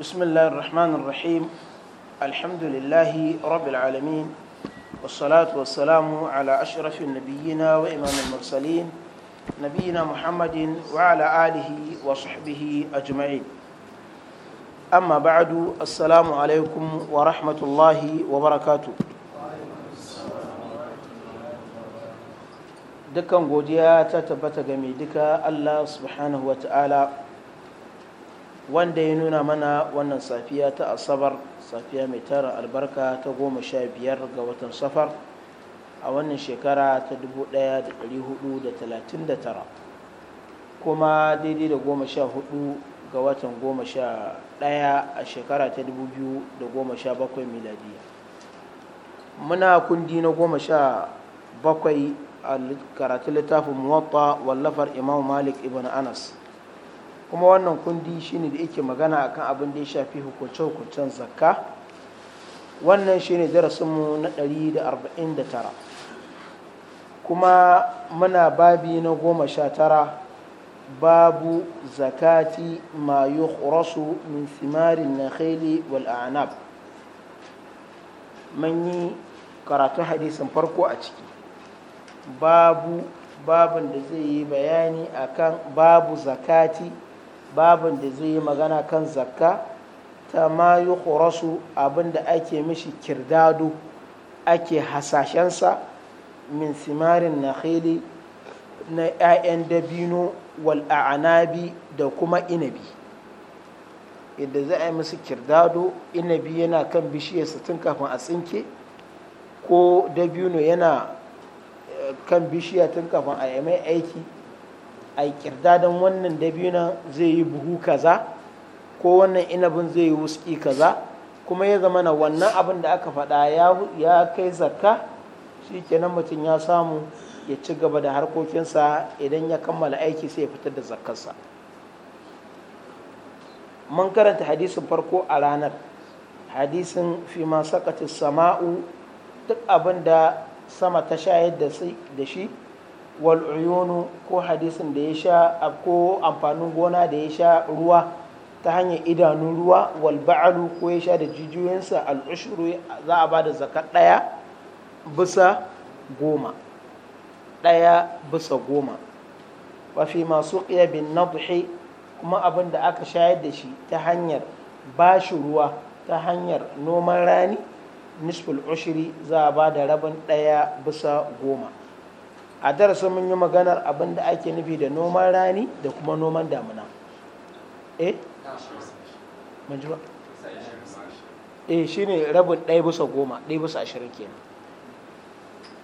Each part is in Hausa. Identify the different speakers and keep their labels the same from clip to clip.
Speaker 1: بسم الله الرحمن الرحيم الحمد لله رب العالمين والصلاة والسلام على أشرف النبيين وإمام المرسلين نبينا محمد وعلى آله وصحبه أجمعين أما بعد السلام عليكم ورحمة الله وبركاته دكان godiya ta tabbata ga mai duka Allah subhanahu wa ta'ala wanda ya nuna mana wannan safiya ta asabar safiya mai tara albarka ta goma sha biyar ga watan safar a wannan shekara ta da da talatin tara, kuma daidai da goma sha hudu ga watan goma sha ɗaya a shekara ta biyu da 2017 miladiya muna kundi na goma sha bakwai a karatun littafin muwatta wallafar imam malik ibn anas kuma wannan kundi shine da yake magana akan abin da ya shafi hukunce-hukuncen zakka wannan shine mu na 149 kuma muna babi na goma sha tara babu zakati ma yukhrasu min thimarin nakhili wal a'nab man yi karatun hadisin farko a ciki babu babin da zai yi bayani akan babu zakati babin da zai yi magana kan zakka ta ma yi abin abinda ake mishi kirdado ake hasashensa min simarin na na 'ya'yan dabino wala'anabi da kuma inabi yadda za a yi musu kirdado inabi yana kan bishiyar tun kafin a tsinke ko dabino yana eh, kan bishiya tun kafin a yi mai aiki a kirdadan wannan dabino zai yi buhu kaza ko wannan inabin zai yi wuski kaza kuma ya zama na wannan abin da aka faɗa ya kai zakka shi kenan mutum ya samu ya ci gaba da harkokinsa idan ya kammala aiki sai ya fitar da zakkarsa mun karanta hadisin farko a ranar hadisin fi masu sama'u duk abin da sama ta shayar da shi wal'uyonu ko hadisin da ya sha ko amfanin gona da ya sha ruwa ta hanyar idanun ruwa walba'alu ko ya sha da jijiyoyinsa al'ushuru za a ba da zakat ɗaya bisa goma ɗaya bisa goma wa fi masu bin nadhi kuma abin da aka shayar da shi ta hanyar bashi ruwa ta hanyar noman rani nisful ushiri za a ba da rabin ɗaya bisa goma a darasin mun yi maganar abin da ake nufi da noman rani da kuma noman damuna eh manjuwa eh shine rabin ɗaya bisa goma ɗaya bisa ashirin kenan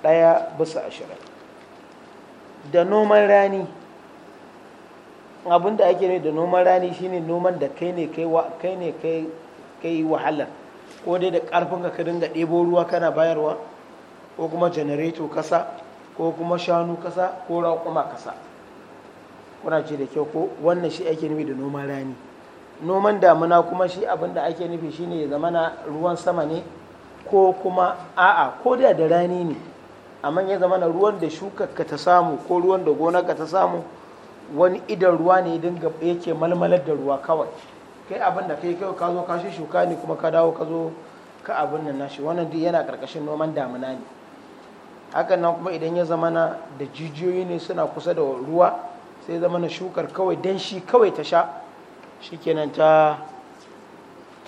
Speaker 1: ɗaya bisa ashirin da noman rani abin da ake ne da noman rani shine noman da kai ne kai ne kai wahalar ko dai da ƙarfin ka dinga ɗebo ruwa kana bayarwa ko kuma janareto kasa ko kuma shanu kasa ko raƙuma kasa kuna ce da kyau ko wannan shi ake nufi da noman rani noman damuna kuma shi abin da ake nufi shine ya zama na ruwan sama ne ko kuma a'a ko da da rani ne amma ya zama na ruwan da ka ta samu ko ruwan da ka ta samu wani idan ruwa ne idan yake malmalar da ruwa kawai kai abin da kai kai ka zo ka shi shuka ne kuma ka dawo ka zo ka abin nan nashi wannan duk yana karkashin noman damuna ne hakan nan kuma idan ya zamana da jijiyoyi ne suna kusa da ruwa sai zama na shukar kawai don shi kawai ta sha shikenan ta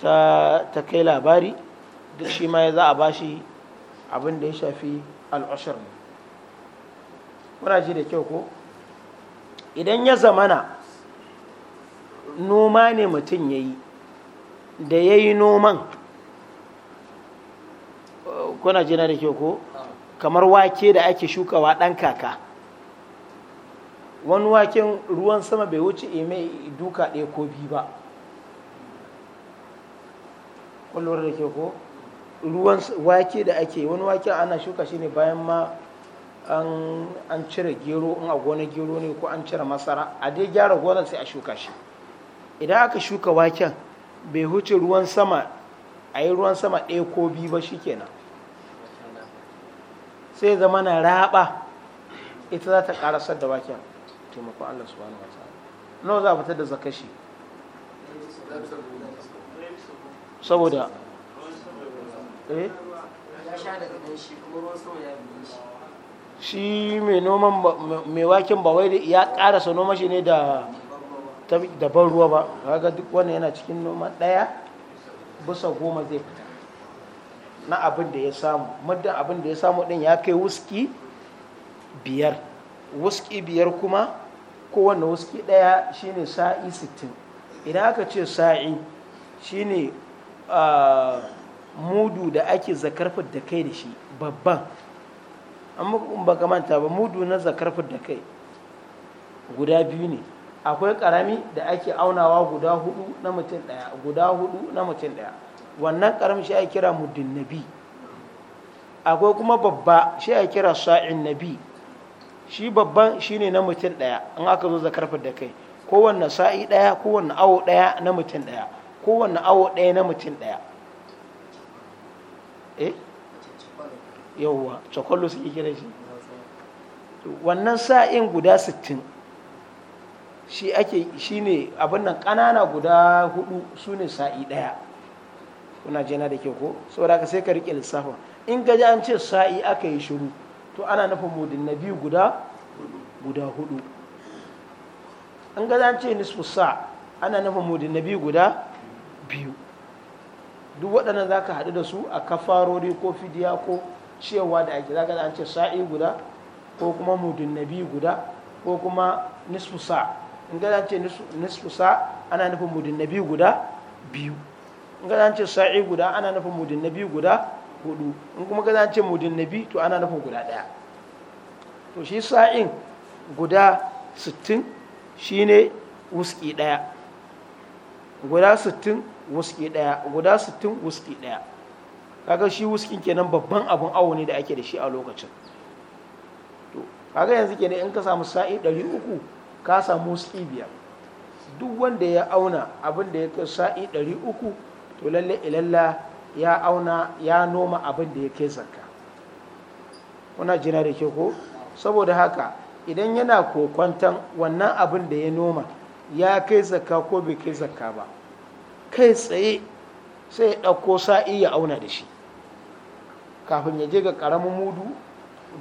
Speaker 1: ta kai labari duk shi ma ya za a bashi abin da ya shafi al'ashar ne kuna ji da kyau ko idan ya zamana noma ne mutum ya yi da ya yi noman kuna na da kyau ko kamar wake da ake shukawa ɗan kaka wani waken ruwan sama bai wuce mai duka ɗaya ko biyu ba kullum da ke ko ruwan wake da ake wani waken ana shuka shi ne bayan ma an cire gero in a gonar gero ne ko an cire masara a dai gyara gonar sai a shuka shi idan aka shuka waken bai wuce ruwan sama a yi ruwan sama ɗaya ko biyu ba shikenan sai zama na raba ita za ta karasar da waken taimakon Allah subhanahu wa ta'ala nawa za a fitar da zakashi saboda eh? shi mai noman mai waken ba wai ya karasa noma shi ne da ban ruwa ba kaga duk wannan yana cikin noma daya bisa goma zai fita na abin da ya samu muddin abin da ya samu din ya kai wuski biyar wuski biyar kuma kowane wuski daya shine sa'i sittin idan aka ce sa'i shine ah, mudu da ake zakarfar da kai da shi babban amma ba manta ba mudu na zakarfar da kai guda biyu ne akwai karami da ake aunawa guda hudu na mutum daya guda hudu na mutum ɗaya wannan ƙaramin shi ake kira muddin nabi akwai kuma babba shi ake kira sa'in nabi shi babban shi ne na mutum daya in aka zo zakar da kai kowanne sa'i daya kowanne awo daya na mutum daya kowanne awo daya na mutum daya eh yawwa cokollo suke kira shi wannan sa'in guda 60 shi ake ne abin nan ƙanana guda hudu ne sa'i ɗaya. kuna jina da ke ko saboda ka sai ka rike lissafin in ka ji an ce sa'i aka yi shiru to ana nufin mudin na biyu guda guda hudu an ga an ce nisfu sa ana nufin mudin na biyu guda biyu duk waɗannan za ka haɗu da su a kafarori ko fidiya ko ciyarwa da ake za ka an ce sa'i guda ko kuma mudin na biyu guda ko kuma nisfu sa in ga an ce nisfu sa ana nufin mudin na biyu guda biyu in ga zance sa'i guda ana nufin mudin biyu guda hudu in kuma ka zance mudin biyu to ana nufin guda daya to shi sa'in guda 60 shine wuski daya guda 60 wuski daya guda 60 wuski daya kaga shi wuskin kenan babban abun awo ne da ake da shi a lokacin to kaga yanzu kenan in ka samu sa'i 300 ka samu wuski biyar duk wanda ya auna abin da ya kai sa'i 300 to lalle ilalla ya auna ya noma abin da ya kai zakka kuna jina da ke ko saboda haka idan yana kokwantan wannan abin da ya noma ya kai zakka ko bai kai zakka ba kai tsaye sai ya ɗauko sa'i ya auna da shi kafin ya je ga ƙaramin mudu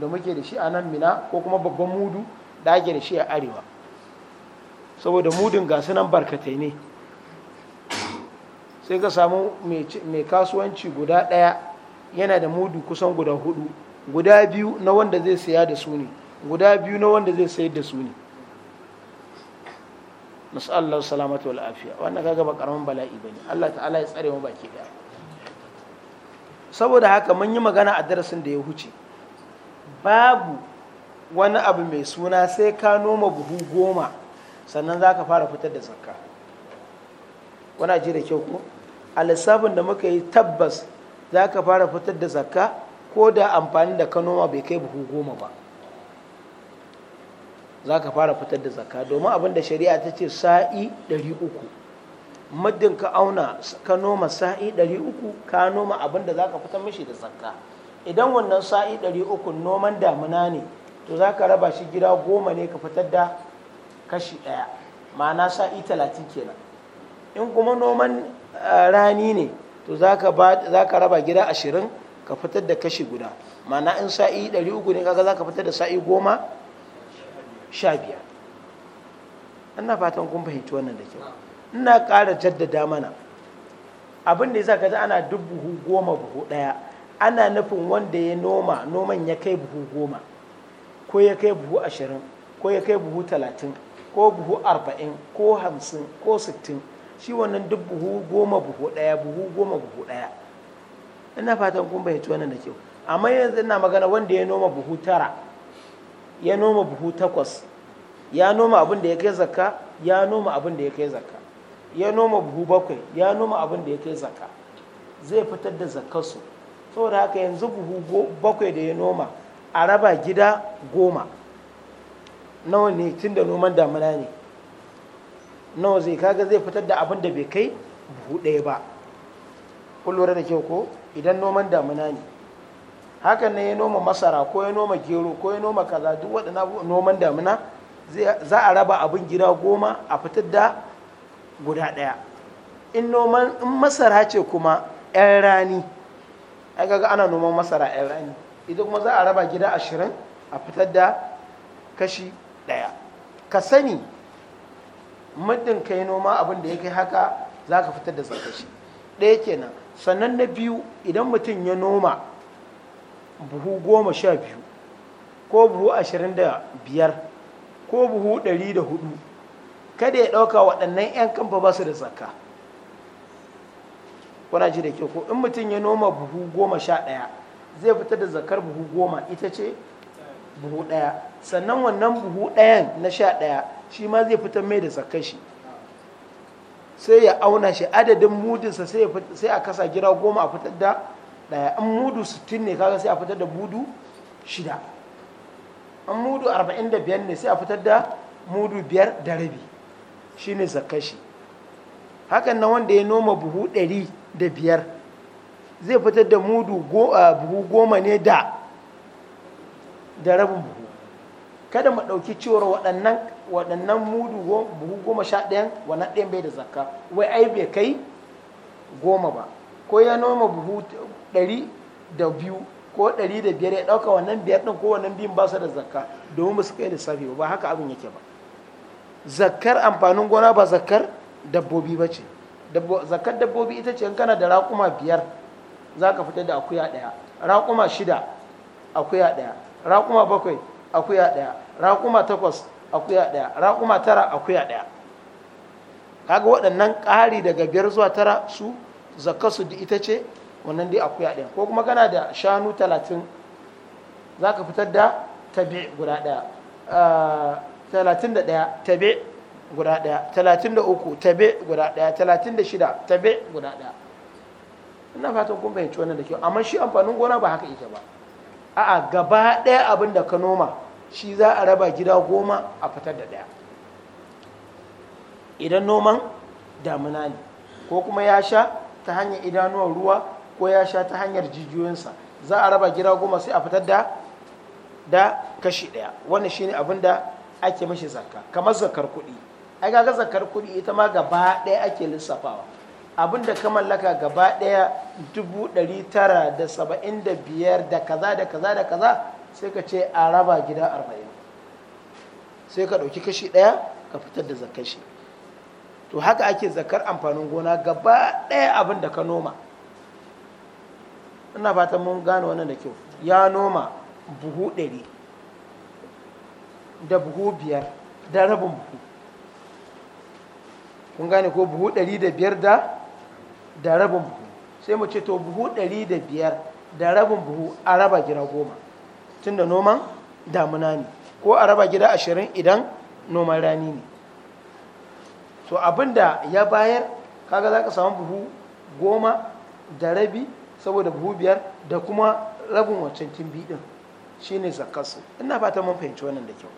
Speaker 1: da muke da shi a nan mina ko kuma babban mudu da ake da shi a arewa saboda mudun ga nan barkatai ne sai ka samu mai kasuwanci guda ɗaya yana da mudu kusan guda hudu guda biyu na wanda zai saya da su ne guda biyu na wanda zai sayar da su ne nasallahu salamatu wa afiya wannan ga gaba karamin bala'i bane Allah ta'ala ya tsare mu baki daya saboda haka mun yi magana a darasin da ya huce babu wani abu mai suna sai ka noma buhu goma sannan za ka fara fitar da zakka wana ji da kyau ko a lissafin da muka yi tabbas za ka fara fitar da zakka ko da amfani da ka noma bai kai buhu goma ba za ka fara fitar da zakka domin abin da shari'a ta ce sa'i 300 muddin ka auna ka noma sa'i 300 ka noma abin da za ka fitar mashi da zakka idan wannan sa'i 300 noman damuna ne to za ka raba shi gida goma ne ka fitar da kashi ɗaya ma'ana sa'i 30 kenan in kuma noman rani ne to za ka raba gida ashirin ka fitar da kashi guda mana in sa'i ɗari uku ne kaga za ka fitar da sa'i goma sha biyar ina fatan kun fahimci wannan da kyau ina ƙara jaddada mana abin da ya sa ka ana duk buhu goma buhu ɗaya ana nufin wanda ya noma noman ya kai buhu goma ko ya kai buhu ashirin ko ya kai buhu talatin ko buhu arba'in ko hamsin ko sittin shi wannan duk buhu goma buhu ɗaya buhu goma buhu ɗaya ina fatan kun bai wannan da kyau amma yanzu ina magana wanda ya noma buhu tara ya noma buhu takwas ya noma abin da ya kai zakka ya noma abin da ya kai zakka ya noma buhu bakwai ya noma abin da ya kai zakka zai fitar da zakkarsu saboda haka yanzu buhu bakwai da ya noma a raba gida goma nawa ne tun da noman damuna ne nawa zai kaga zai fitar da abin da bai kai buhu ɗaya ba kun lura da kyau ko idan noman damuna ne hakan ne ya noma masara ko ya noma gero ko ya noma kaza duk waɗanda noman damuna za a raba abin gida goma a fitar da guda ɗaya in noman in masara ce kuma ɗan rani ai kaga ana noman masara ɗan rani idan kuma za a raba gida ashirin a fitar da kashi ɗaya ka sani muddin kai noma abinda ya kai haka za ka fitar da tsakashi ɗaya kenan sannan na biyu idan mutum ya noma buhu goma sha biyu ko buhu ashirin da biyar ko buhu ɗari da hudu kada ya ɗauka waɗannan 'yan kamfa ba su da tsaka kuna ji da kyau ko in mutum ya noma buhu goma sha ɗaya zai fitar da zakar buhu goma ita ce buhu ɗaya sannan wannan buhu ɗayan na sha ɗaya shi ma zai fitar mai da tsakar shi sai ya auna shi adadin mudinsa sai a kasa gira goma a fitar da ɗaya an mudu sittin ne kaga sai a fitar da mudu shida an mudu arba'in da biyar ne sai a fitar da mudu biyar da rabi shi ne zakar shi hakan na wanda ya noma buhu ɗari da biyar zai fitar da mudu buhu goma ne da rabin buhu kada mu ɗauki cewar waɗannan waɗannan mudu buhu goma sha ɗayan wannan ɗayan bai da zakka wai ai bai kai goma ba ko ya noma buhu ɗari da biyu ko ɗari da biyar ya ɗauka wannan biyar ɗin ko wannan biyun ba su da zakka domin ba su kai da safi ba haka abin yake ba zakkar amfanin gona ba zakkar dabbobi ba ce zakkar dabbobi ita ce in kana da raƙuma biyar za ka fitar da akuya ɗaya raƙuma shida akuya ɗaya raƙuma bakwai akuya ɗaya raƙuma takwas akuya ɗaya raƙuma tara akuya ɗaya kaga waɗannan ƙari daga biyar zuwa tara su zakkarsu da ita ce wannan dai akuya ɗaya ko kuma kana da shanu talatin za ka fitar da tabi guda ɗaya ah, talatin da ɗaya tabi guda ɗaya talatin da uku tabi guda ɗaya talatin da shida tabi guda ɗaya ina fatan kun fahimci wannan da kyau amma shi amfanin gona ba haka yake ba a'a gaba ɗaya abin da ka noma shi za a raba gida goma a fitar da ɗaya idan noman damuna ne ko kuma ya sha ta hanyar idanuwar ruwa ko ya sha ta hanyar jijiyoyinsa za a raba gida goma sai a fitar da da kashi ɗaya wannan shine abin da ake mashi zakka kamar zakar kuɗi ai kaga zakar kuɗi ita ma gaba ɗaya ake lissafawa abin da ka mallaka gaba ɗaya dubu ɗari da saba'in da biyar da kaza da kaza da kaza sai ka ce a raba gida arba'in sai ka ɗauki kashi ɗaya ka fitar da zakashi to haka ake zakar amfanin gona gaba ɗaya abin da ka noma ina fatan mun gane wannan da kyau ya noma buhu ɗari da buhu biyar da rabin buhu kun gane ko buhu ɗari da biyar da da rabin buhu sai mu ce to buhu ɗari da biyar da rabin buhu a raba gida goma tun da noman damuna ne ko a raba gida ashirin idan noman rani ne to abinda ya bayar kaga za ka samu buhu goma da rabi saboda buhu biyar da kuma rabin wancan timbi ɗin shine zakarsu ina fata mun fahimci wannan da kyau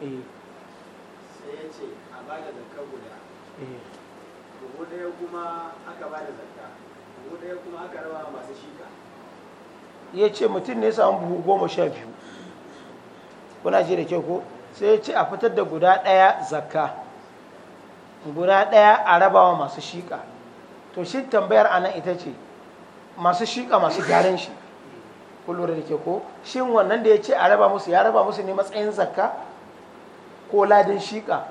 Speaker 1: eh ɗaya ya ce mutum ne ya samu buhu goma sha biyu kuna ji da kyau ko sai ya ce a fitar da guda ɗaya zakka guda ɗaya a rabawa masu shika to shi tambayar anan ita ce masu shika masu gyaran shi kullum da ke ko shin wannan da ya ce a raba musu ya raba musu ne matsayin zakka ko ladin shika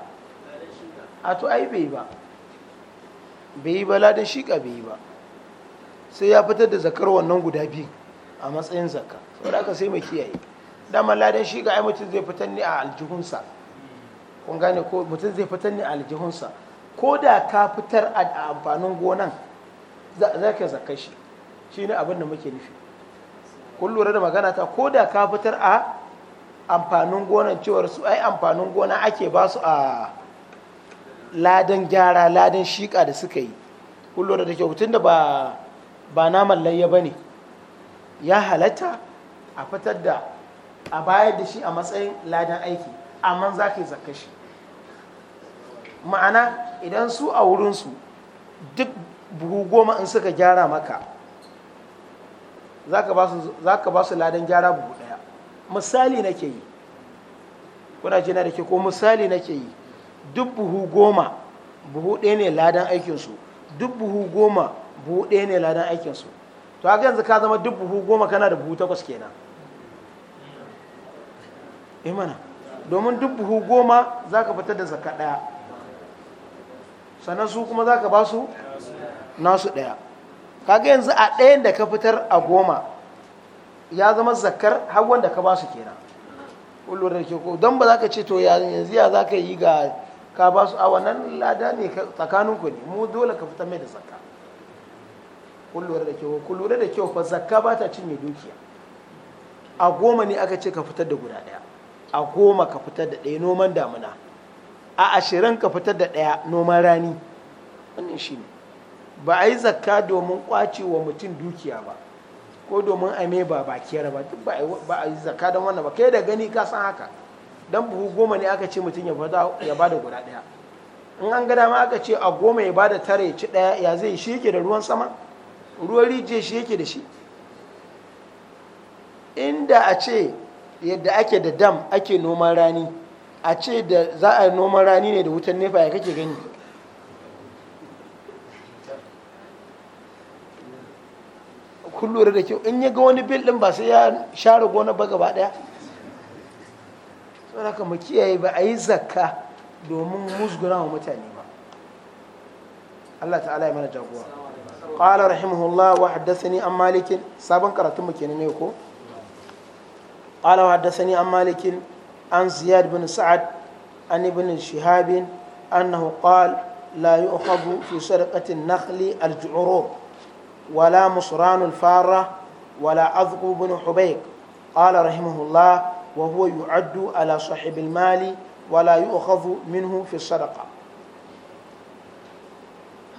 Speaker 1: a to ai bai ba bai yi ba ladan shiƙa bai yi ba sai ya fitar da zakar wannan guda biyu a matsayin sau da aka sai mai kiyaye dama ladan shiƙa ai mutum zai fitar ne a aljihunsa kun gane ko mutum zai fitar ne a aljihunsa ko da ka fitar a amfanin gonan za ka zaka shi shi ne abin da muke nufi kun lura da magana ta ko da ka fitar a amfanin gonan cewar su ai amfanin gona ake ba su a ladan gyara ladan shiƙa da suka yi kullum da take hutun da ba naman layya ba ne ya halatta a fitar da a bayar da shi a matsayin ladan aiki amma za ka yi zakka ma'ana idan su a wurinsu duk buhu goma in suka gyara maka za ka ba su ladan gyara buhu ɗaya misali nake yi kuna jina da ke ko misali nake yi duk buhu goma buhu ɗaya ne ladan aikinsu duk buhu goma buhu ɗaya ne ladan aikinsu to haka yanzu ka zama duk buhu goma kana da buhu takwas kenan imana eh domin duk buhu goma za ka fitar da zaka ɗaya sannan su kuma za ka ba su nasu ɗaya kaga yanzu a ɗayan da ka fitar a goma ya zama zakar har wanda ka ba su kenan kullum da ke ko don ba za ka ce to yanzu ya za ka yi ga ka ba su a wannan lada ne tsakanin ku ne mu dole ka fita mai da zakka kun lura da kyau kullure da kyau fa zakka ba ta cinye dukiya a goma ne aka ce ka fitar da guda daya a goma ka fitar da ɗaya noman damuna a ashirin ka fitar da ɗaya noman rani wannan shi ne ba a yi zakka domin ƙwace wa mutum dukiya ba ko domin a mai ba bakiyar ba duk ba a yi zakka don wannan ba kai da gani ka san haka dan buhu goma ne aka ce mutum ya ba da guda daya in an gada ma aka ce a goma ya ba da tare ya ci daya ya zai shi yake da ruwan sama ruwan rije shi yake da shi inda a ce yadda ake da dam ake noman rani a ce da za a noman rani ne da wutan nefa ya kake gani kullum da kyau in ya ga wani bil ba sai ya share gona ba gaba daya. saboda haka mu kiyaye ba a yi zakka domin musguna wa mutane ba Allah ta'ala ya mana jagora qala rahimahullah wa haddathani an malikin sabon karatun mu kenan ne ko qala wa haddathani an malikin an ziyad bin sa'ad an ibn shihab annahu qala لا يؤخذ في سرقة النخل الجعرور ولا مصران الفارة ولا أذق بن حبيك قال رحمه الله وهو يعد على صاحب المال ولا يؤخذ منه في الصدقة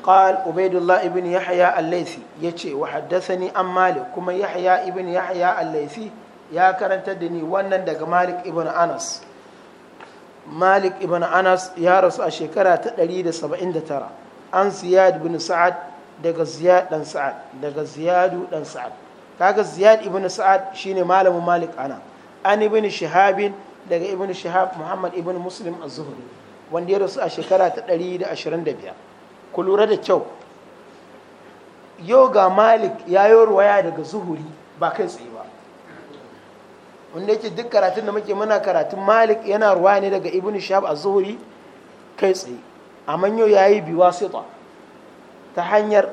Speaker 1: قال عبيد الله ابن يحيى الليثي يتي وحدثني عن مالك كما يحيى ابن يحيى الليثي يا كرنت دني wannan daga مالك ابن أنس مالك ابن أنس يا رسول الشكرة تدريد سبعين ترى عن زياد بن سعد daga ziyad dan sa'ad daga ziyadu dan sa'ad kaga ziyad ibn sa'ad shine malamin malik anan an ibn shahabin daga ibn shihab muhammad ibn muslim az-zuhri wanda ya rasu a shekara ta 125 ku lura da kyau yau ga malik ya yi ruwaya daga zuhuri ba kai tsaye ba wanda yake duk karatun da muke muna karatun malik yana ruwa ne daga ibn shihab az-zuhri kai tsaye amma yau yayi yi biwa sita ta hanyar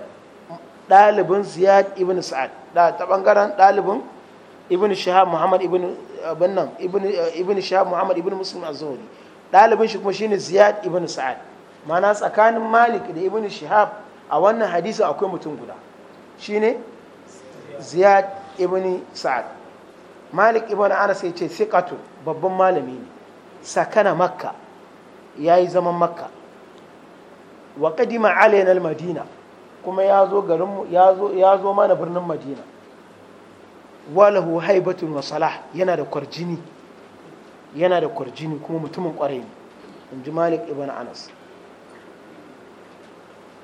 Speaker 1: dalibin ziyad ibn sa'ad da ta ɓangaren dalibin. ibn shahab muhammad ibn bannan ibn shahab muhammad ibn muslim az-zuhri dalibin shi kuma shine ziyad ibn sa'ad mana tsakanin malik da ibn shahab a wannan hadisi akwai mutum guda shine ziyad ibn sa'ad malik ibn anas ya ce siqatu babban malami ne sakana makka yayi zaman makka wa qadima alaina al-madina kuma ya zo garin ya zo mana birnin madina walahu haibatun wa salah yana da kwarjini yana da kwarjini kuma mutumin kwarai ne in ji malik ibn anas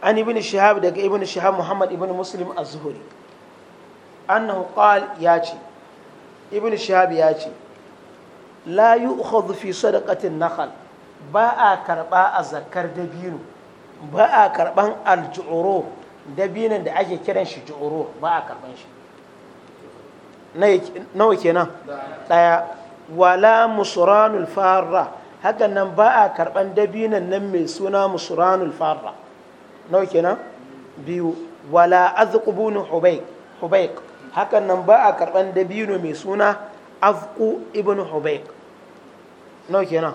Speaker 1: an ibn shihab daga ibn shihab muhammad ibn muslim az-zuhri annahu qal ya ce ibn shihab ya ce la yu'khadhu fi sadaqatin nakhl ba a karba a zakar dabino ba a karban al-ju'uro dabinan da ake kiran shi ju'uro ba a karban shi nawa kenan ɗaya wala musuranul farra hakan nan ba a karɓan dabinan nan mai suna musuranul farra nawa kenan biyu wala azqubun hubayk hubayk hakan nan ba a karɓan dabino mai suna afku ibn hubayk nawa kenan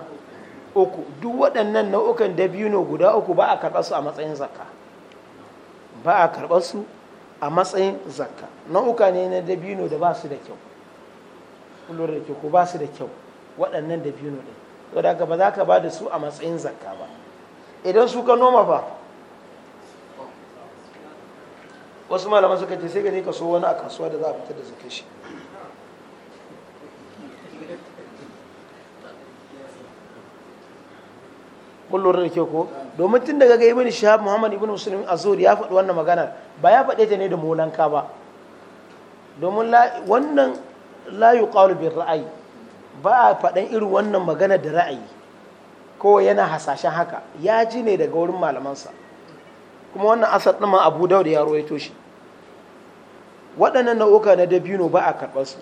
Speaker 1: uku duk waɗannan nau'ukan dabino guda uku ba a karɓar su a matsayin zakka ba a karɓar su a matsayin zakka nau'uka ne na dabino da ba su da kyau kullum da ko ba su da kyau waɗannan dabino ɗin saboda haka ba za ka ba da su a matsayin zakka ba idan su ka noma ba wasu malaman suka ce sai ka je ka so wani a kasuwa da za a fitar da zakka shi kullum da ke ko domin tun daga ga ibn shahab muhammad ibn muslim azuri ya faɗi wannan magana ba ya faɗe ta ne da molanka ba domin wannan la yuqalu ra'ayi ba a faɗan irin wannan magana da ra'ayi ko yana hasashen haka ya ji ne daga wurin malamansa kuma wannan asar ɗin ma abu dauda ya rawaito shi waɗannan nau'uka na dabino ba a karɓar su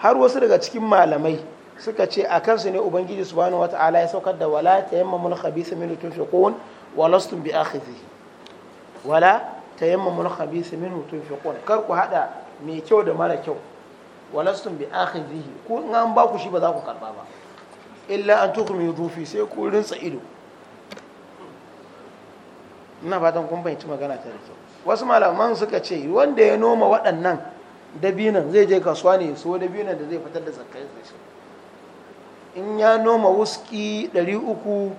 Speaker 1: har wasu daga cikin malamai suka ce a kansu ne ubangiji subhanahu wata'ala ya saukar da wala ta yamma tayammamul khabitha minhu tunfiqun wa lastum bi akhidhihi wala ta yamma tayammamul min hutun tunfiqun kar ku hada mai kyau da mara kyau wa lastum bi akhidhihi ko in an ba ku shi ba za ku karba ba illa an mai rufi sai ku rinsa ido ina fatan kun fahimci magana ta da kyau wasu malaman suka ce wanda ya noma waɗannan dabinan zai je kasuwa ne so dabinan da zai fitar da zakkai shi in ya noma wuski 300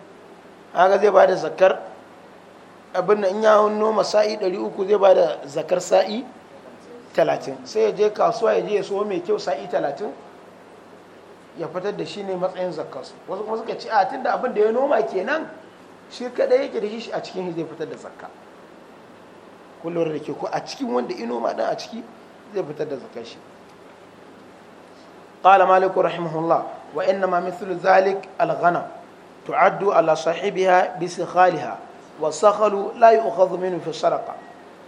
Speaker 1: haka zai ba da zakar abin in ya noma sa'i 300 zai ba da zakar sa'i 30 sai ya je kasuwa ya je ya so mai kyau sa'i 30 ya fitar da shi ne matsayin zakarsu wasu kuma suka ci a tun da abin da ya noma kenan shi kadai yake da shi a cikin shi zai fitar da zakka kullum da ke ko a cikin wanda ino ma dan a ciki zai fitar da zakar shi قال مالك رحمه الله وإنما مثل ذلك الغنم تعد على صاحبها بسخالها والسخل لا يؤخذ منه في السرقة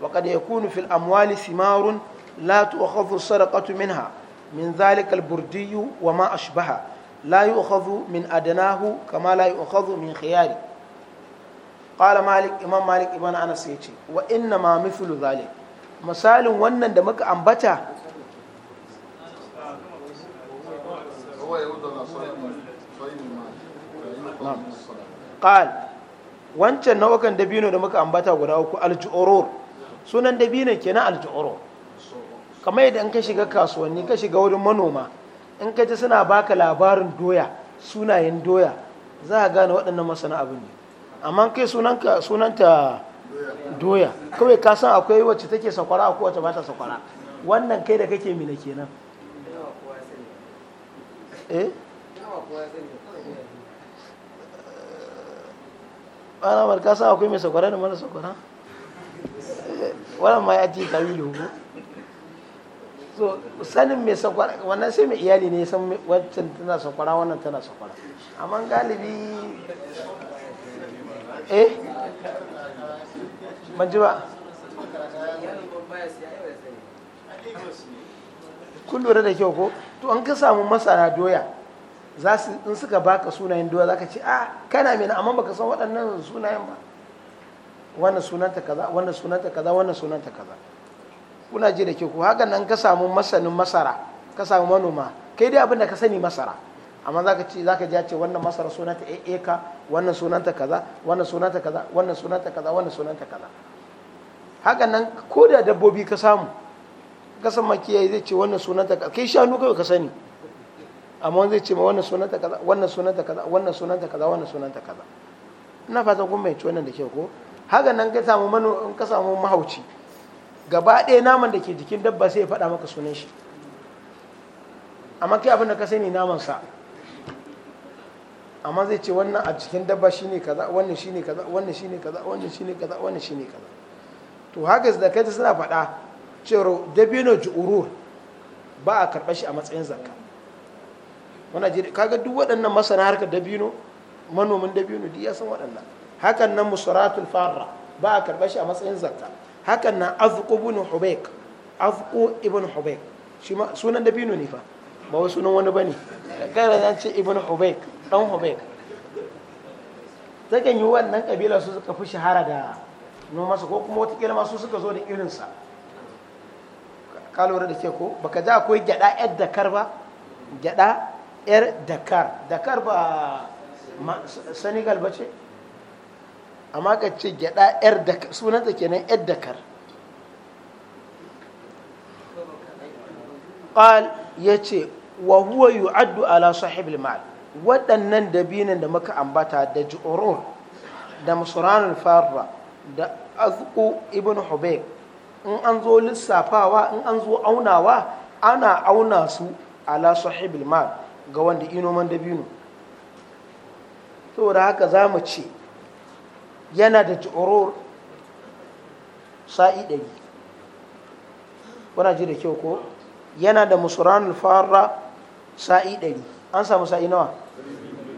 Speaker 1: وقد يكون في الأموال ثمار لا تؤخذ السرقة منها من ذلك البردي وما أشبهه لا يؤخذ من أدناه كما لا يؤخذ من خياره قال مالك إمام مالك ابن أنس يتي وإنما مثل ذلك misalin wannan da muka ambata هو wancan nau'ukan dabino da muka ambata guda uku aljuoror sunan dabino kenan aljuoror kamar yadda in ka shiga kasuwanni ka shiga wurin manoma in ka ji suna baka labarin doya sunayen doya za a gane waɗannan masana abin ne amma kai sunanta doya kawai ka san akwai wacce take sakwara akwai wacce ba ta sakwara wannan kai da kake mina kenan Eh? eh ana barka sa akwai mai sakwara da mara sakwara eh, ma ya so sanin mai sakwara wannan sai mai iyali ne san wancan tana sakwara wannan tana sakwara amma galibi eh ban ji ba kun da kyau ko to an ka samu masara doya za su in suka baka sunayen doya za ka ce a ah, kana mina amma baka san waɗannan sunayen ba wannan sunanta kaza wannan sunanta kaza wannan sunanta kaza kuna ji da ke ku haka nan ka samu masanin masara ka samu manoma kai dai abin da ka sani masara amma za ka ce za ka ji ce wannan masara sunanta eka wannan sunanta kaza wannan sunanta kaza wannan sunanta kaza wannan sunanta kaza haka nan ko da dabbobi ka samu kasan makiyayi zai ce wannan sunanta kaza kai shanu kawai ka sani amma zai ce ma wannan sunanta kaza wannan sunanta kaza wannan sunanta kaza wannan kaza ina fatan kun mai wannan da ke ko haka nan ka samu manu in ka samu mahauci gaba ɗaya naman da ke jikin dabba sai ya faɗa maka sunan shi amma kai abin da ka sani naman sa amma zai ce wannan a cikin dabba shine kaza wannan shine kaza wannan shine kaza wannan shine kaza wannan shine kaza to haka da kai suna faɗa cewar dabino ju'urur ba a karɓar shi a matsayin zakka wannan jiri kaga duk waɗannan masana harkar dabino manomin dabino duk ya san waɗannan hakan nan musaratul farra ba a karɓar shi a matsayin zakka hakan nan azqu ibn hubek azqu ibn hubek shi ma sunan dabino ne fa ba wai sunan wani bane kada zan ce ibn Hubek dan Hubek takan yi wannan kabila su suka fi shahara da noma su ko kuma wata kilma su suka zo da irinsa ka lura da ke ko baka ji akwai gyada yar dakar ba gyada yar dakar dakar ba senegal ba ce amma ka ce gyada yar dakar sunanta kenan yar dakar qal ce wa huwa yu'addu ala sahib al-mal waɗannan dabinan da muka ambata da ju'urur da musuranul farra da Azu ibn hubayb in an zo lissafawa in an zo aunawa ana auna su ala sahibul mal ga wanda inoman dabino saboda haka za mu ce yana da joror sa'i ɗari wana ji da kyau ko yana da musuranul fara sa'i ɗari an samu sa'i nawa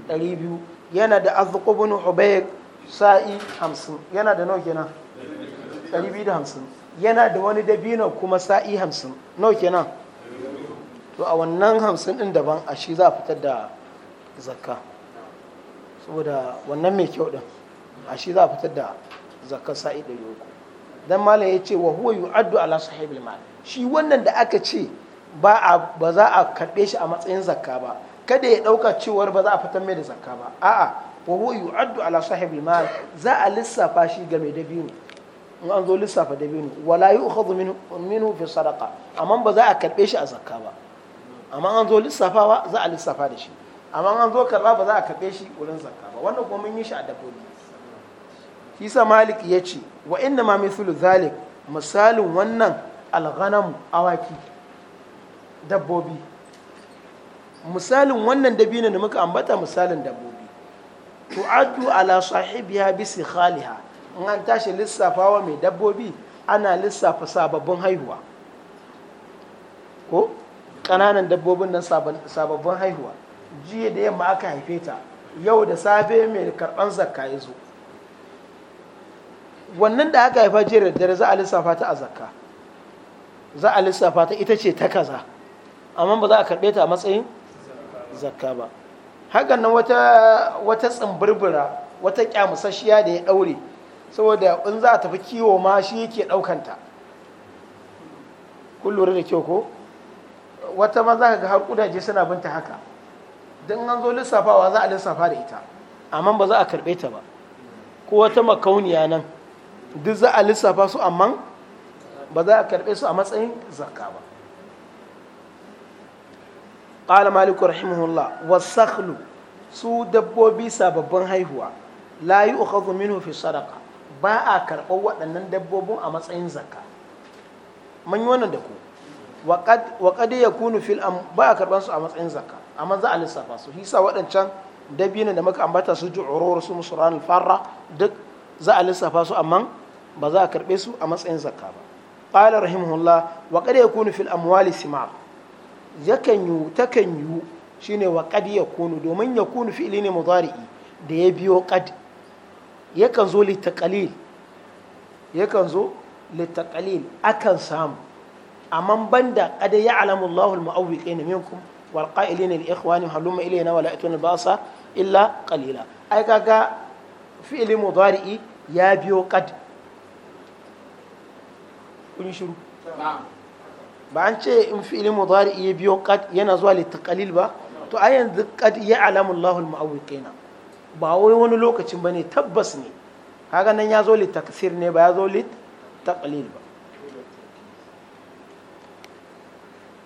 Speaker 1: ɗari biyu yana da azukubun ubayek sa'i hamsin yana da nawa kenan ɗari biyu da hamsin yana da wani dabino kuma sa'i hamsin nau kenan to a wannan hamsin ɗin daban a shi za a fitar da zakka saboda wannan mai kyau ɗin a shi za a fitar da zakka sa'i da uku dan malam ya ce wa huwa yu'addu ala sahibul mal shi wannan da aka ce ba a ba za a karɓe shi a matsayin zakka ba kada ya ɗauka cewar ba za a fitar mai da zakka ba a'a wa huwa yu'addu ala sahibul mal za a lissafa shi ga mai dabino in an zo lissafa da biyu wala yu'khadhu minhu fi sadaqa amma ba za a karbe shi a zakka ba amma an zo lissafawa za a lissafa da shi amma an zo karba ba za a karbe shi wurin zakka ba wannan kuma mun yi shi a dabbobi kisa malik ya ce wa inna ma mithlu zalik misalin wannan alghanam awaki dabbobi misalin wannan dabino da muka ambata misalin dabbobi tu'addu ala sahibiha bi sikhaliha in an tashi lissafawa mai dabbobi ana lissafa sababbin haihuwa ko ƙananan dabbobin nan sababbin haihuwa jiya da yamma aka haife ta yau da safe mai karɓan zakka ya zo wannan da aka haifa jiya da dare za a lissafa ta a zakka za a lissafa ta ita ce ta kaza amma ba za a karɓe ta a matsayin zakka ba hakan nan wata tsimbirbira wata kyamusashiya da ya ɗaure saboda in za a tafi kiwo ma shi yake ɗaukanta kun lura da kyau ko wata ma za ka ga har kudaje suna binta haka don an zo lissafawa za a lissafa da ita amma ba za a karɓe ta ba ko wata makauniya nan duk za a lissafa su amma ba za a karɓe su a matsayin zakka ba قال مالك رحمه الله والسخل سو دبوبي سببن هيهوا لا يؤخذ منه في الصدقه ba a karɓar waɗannan dabbobin a matsayin zakka mun yi wannan da ku wa ya kunu fil am ba a karɓar su a matsayin zakka amma za a lissafa su hisa waɗancan dabbina da muka ambata su ororo su ranar farra duk za a lissafa su amma ba za a karɓe su a matsayin zakka ba qala rahimahullah wa qad yakunu fil amwali simar yakan yu takan yu shine wa ya yakunu domin yakunu fiili ne mudari'i da ya biyo qad yakan zo litakalil yakan zo litakalil akan samu amma banda kada ya alamu Allahul mu'awwiqina minkum wal qa'ilina li ikhwani halumma ilayna wa la atuna ba'sa illa qalila ai kaga fi'li mudari'i ya biyo qad kun shiru ba an ce in fi'li mudari'i ya biyo qad yana zuwa litakalil ba to ayan yanzu qad ya alamu Allahul mu'awwiqina ba wai wani lokacin ba ne tabbas ne kaga nan ya zo lit ne ba ya zo lit ba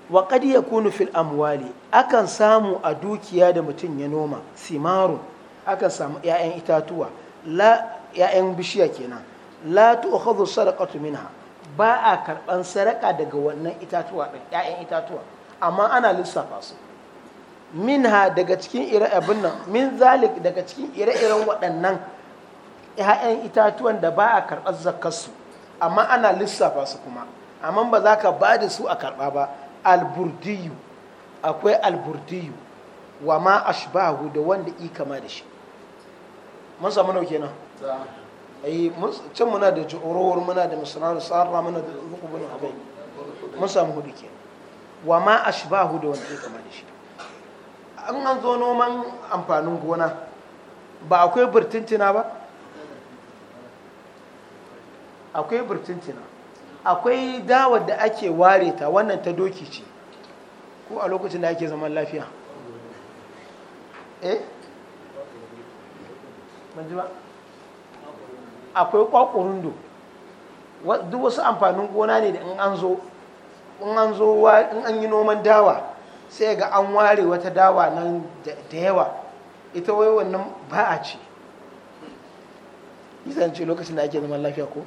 Speaker 1: wa qad yakunu fil amwali akan samu a dukiya da mutum ya noma simaru akan samu 'ya'yan itatuwa la 'ya'yan bishiya kenan la tu'khadhu sadaqatu minha ba a karban sadaka daga wannan itatuwa ɗin 'ya'yan itatuwa amma ana lissafa su minha daga cikin ire abin nan min zalik daga cikin ire-iren waɗannan ‘ya'yan itatuwan da ba a karɓar zakarsu amma ana lissafa su kuma amma ba za ka ba da su a karɓa ba alburdiyu akwai alburdiyu wa ma ashbahu da wanda i kama da shi mun samu nan? kenan ai can muna da jorowar muna da musanarar sarra muna da hukumin abai mun samu hudu ke wa ma ashbahu da wanda i kama da shi in an zo noman amfanin gona ba akwai birtintina ba akwai birtintina akwai dawar da ake ware ta wannan ta doki ce ko a lokacin da ake zaman lafiya eh akwai kwakwurundo duk wasu amfanin gona ne da in an zo in an yi noman dawa sai ga an ware wata dawa nan da yawa ita wai wannan ba a ce nisan ce lokacin da ake zaman lafiya ko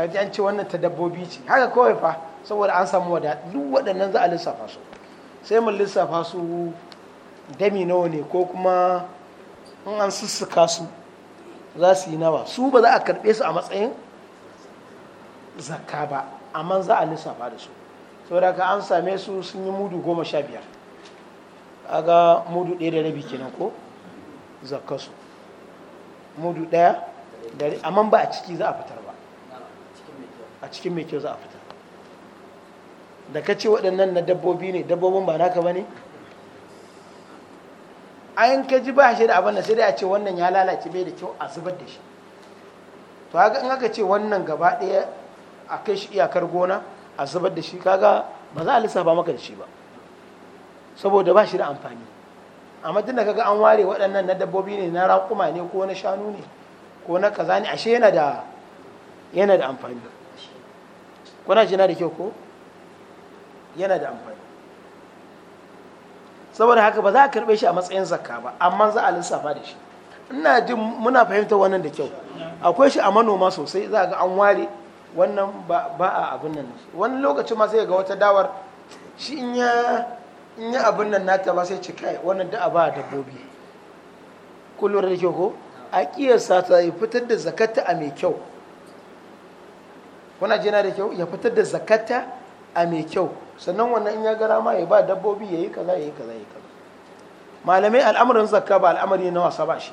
Speaker 1: yi ce wannan ta dabbobi ce haka kawai fa saboda an samu wada duk waɗannan za a lissafa su sai mun lissafa su dami nawa ne ko kuma in an sussuka su za su yi nawa su ba za a karɓe su a matsayin zakka ba amma za a lissafa da su saboda ka an same su sun yi mudu goma sha biyar aga mudu ɗaya da rabi kenan ko su mudu ɗaya da amma ba a ciki za a fitar ba a cikin mai kyau za a fitar da ka ce waɗannan na dabbobi ne dabbobin ba naka ba ne a ka ji ba shi da abin da sai dai a ce wannan ya lalace bai da kyau a zubar da shi to haka in aka ce wannan gaba ɗaya a kai shi iyakar gona a zubar da shi kaga ba za a lissafa maka da shi ba saboda ba shi da amfani amma tunda da kaga an ware waɗannan na dabbobi ne na raƙuma ne ko na shanu ne ko na kaza ne ashe yana da yana da amfani kuna jina da kyau ko yana da amfani saboda haka ba za a karɓe shi a matsayin zakka ba amma za a lissafa da shi ina jin muna fahimtar wannan da kyau akwai shi a manoma sosai za a ga an ware wannan ba a abin nan wani lokacin ma sai ga wata dawar shi in ya abin nan nata ba sai ce kai wannan da ba a dabbobi kullum da kyau ko a kiyasa ta ya fitar da zakata a mai kyau kuna jina da kyau ya fitar da zakata a mai kyau sannan wannan in ya gara ma ya ba dabbobi ya yi kaza ya yi kaza ya yi kaza malamai al'amarin zakka ba al'amari na wasa ba shi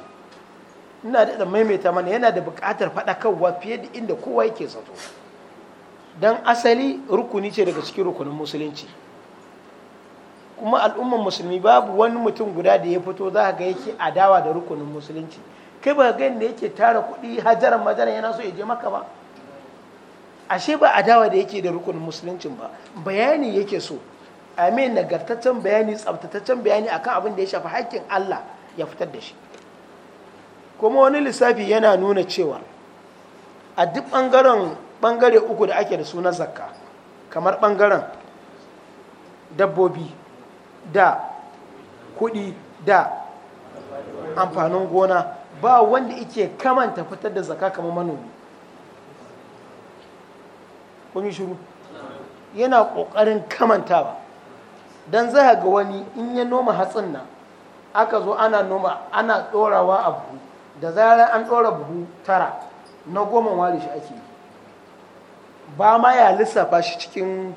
Speaker 1: ina da maimaita mana yana da buƙatar faɗakarwa fiye da inda kowa yake zato don asali rukuni ce daga cikin rukunin musulunci kuma al'ummar musulmi babu wani mutum guda da ya fito za ga yake adawa da rukunin musulunci kai ba ga da yake tara kuɗi hajaran majalar yana so ya je maka ba ashe ba adawa da yake da rukunin musulunci ba bayani yake so amin nagartaccen bayani tsabtataccen bayani akan abin da ya shafi haƙƙin Allah ya fitar da shi kuma wani lissafi yana nuna cewa a duk ɓangaren ɓangare uku da ake da suna zakka kamar ɓangaren dabbobi da kuɗi da amfanin gona ba wanda ike kamanta fitar da zakka kamar manomi kun shuru yana ƙoƙarin kamantawa don za ga wani in ya noma hatsin nan aka zo ana noma ana ɗorawa a buhu da zarar an ɗora buhu tara na goma ware shi ake ba ma ya lissafa shi cikin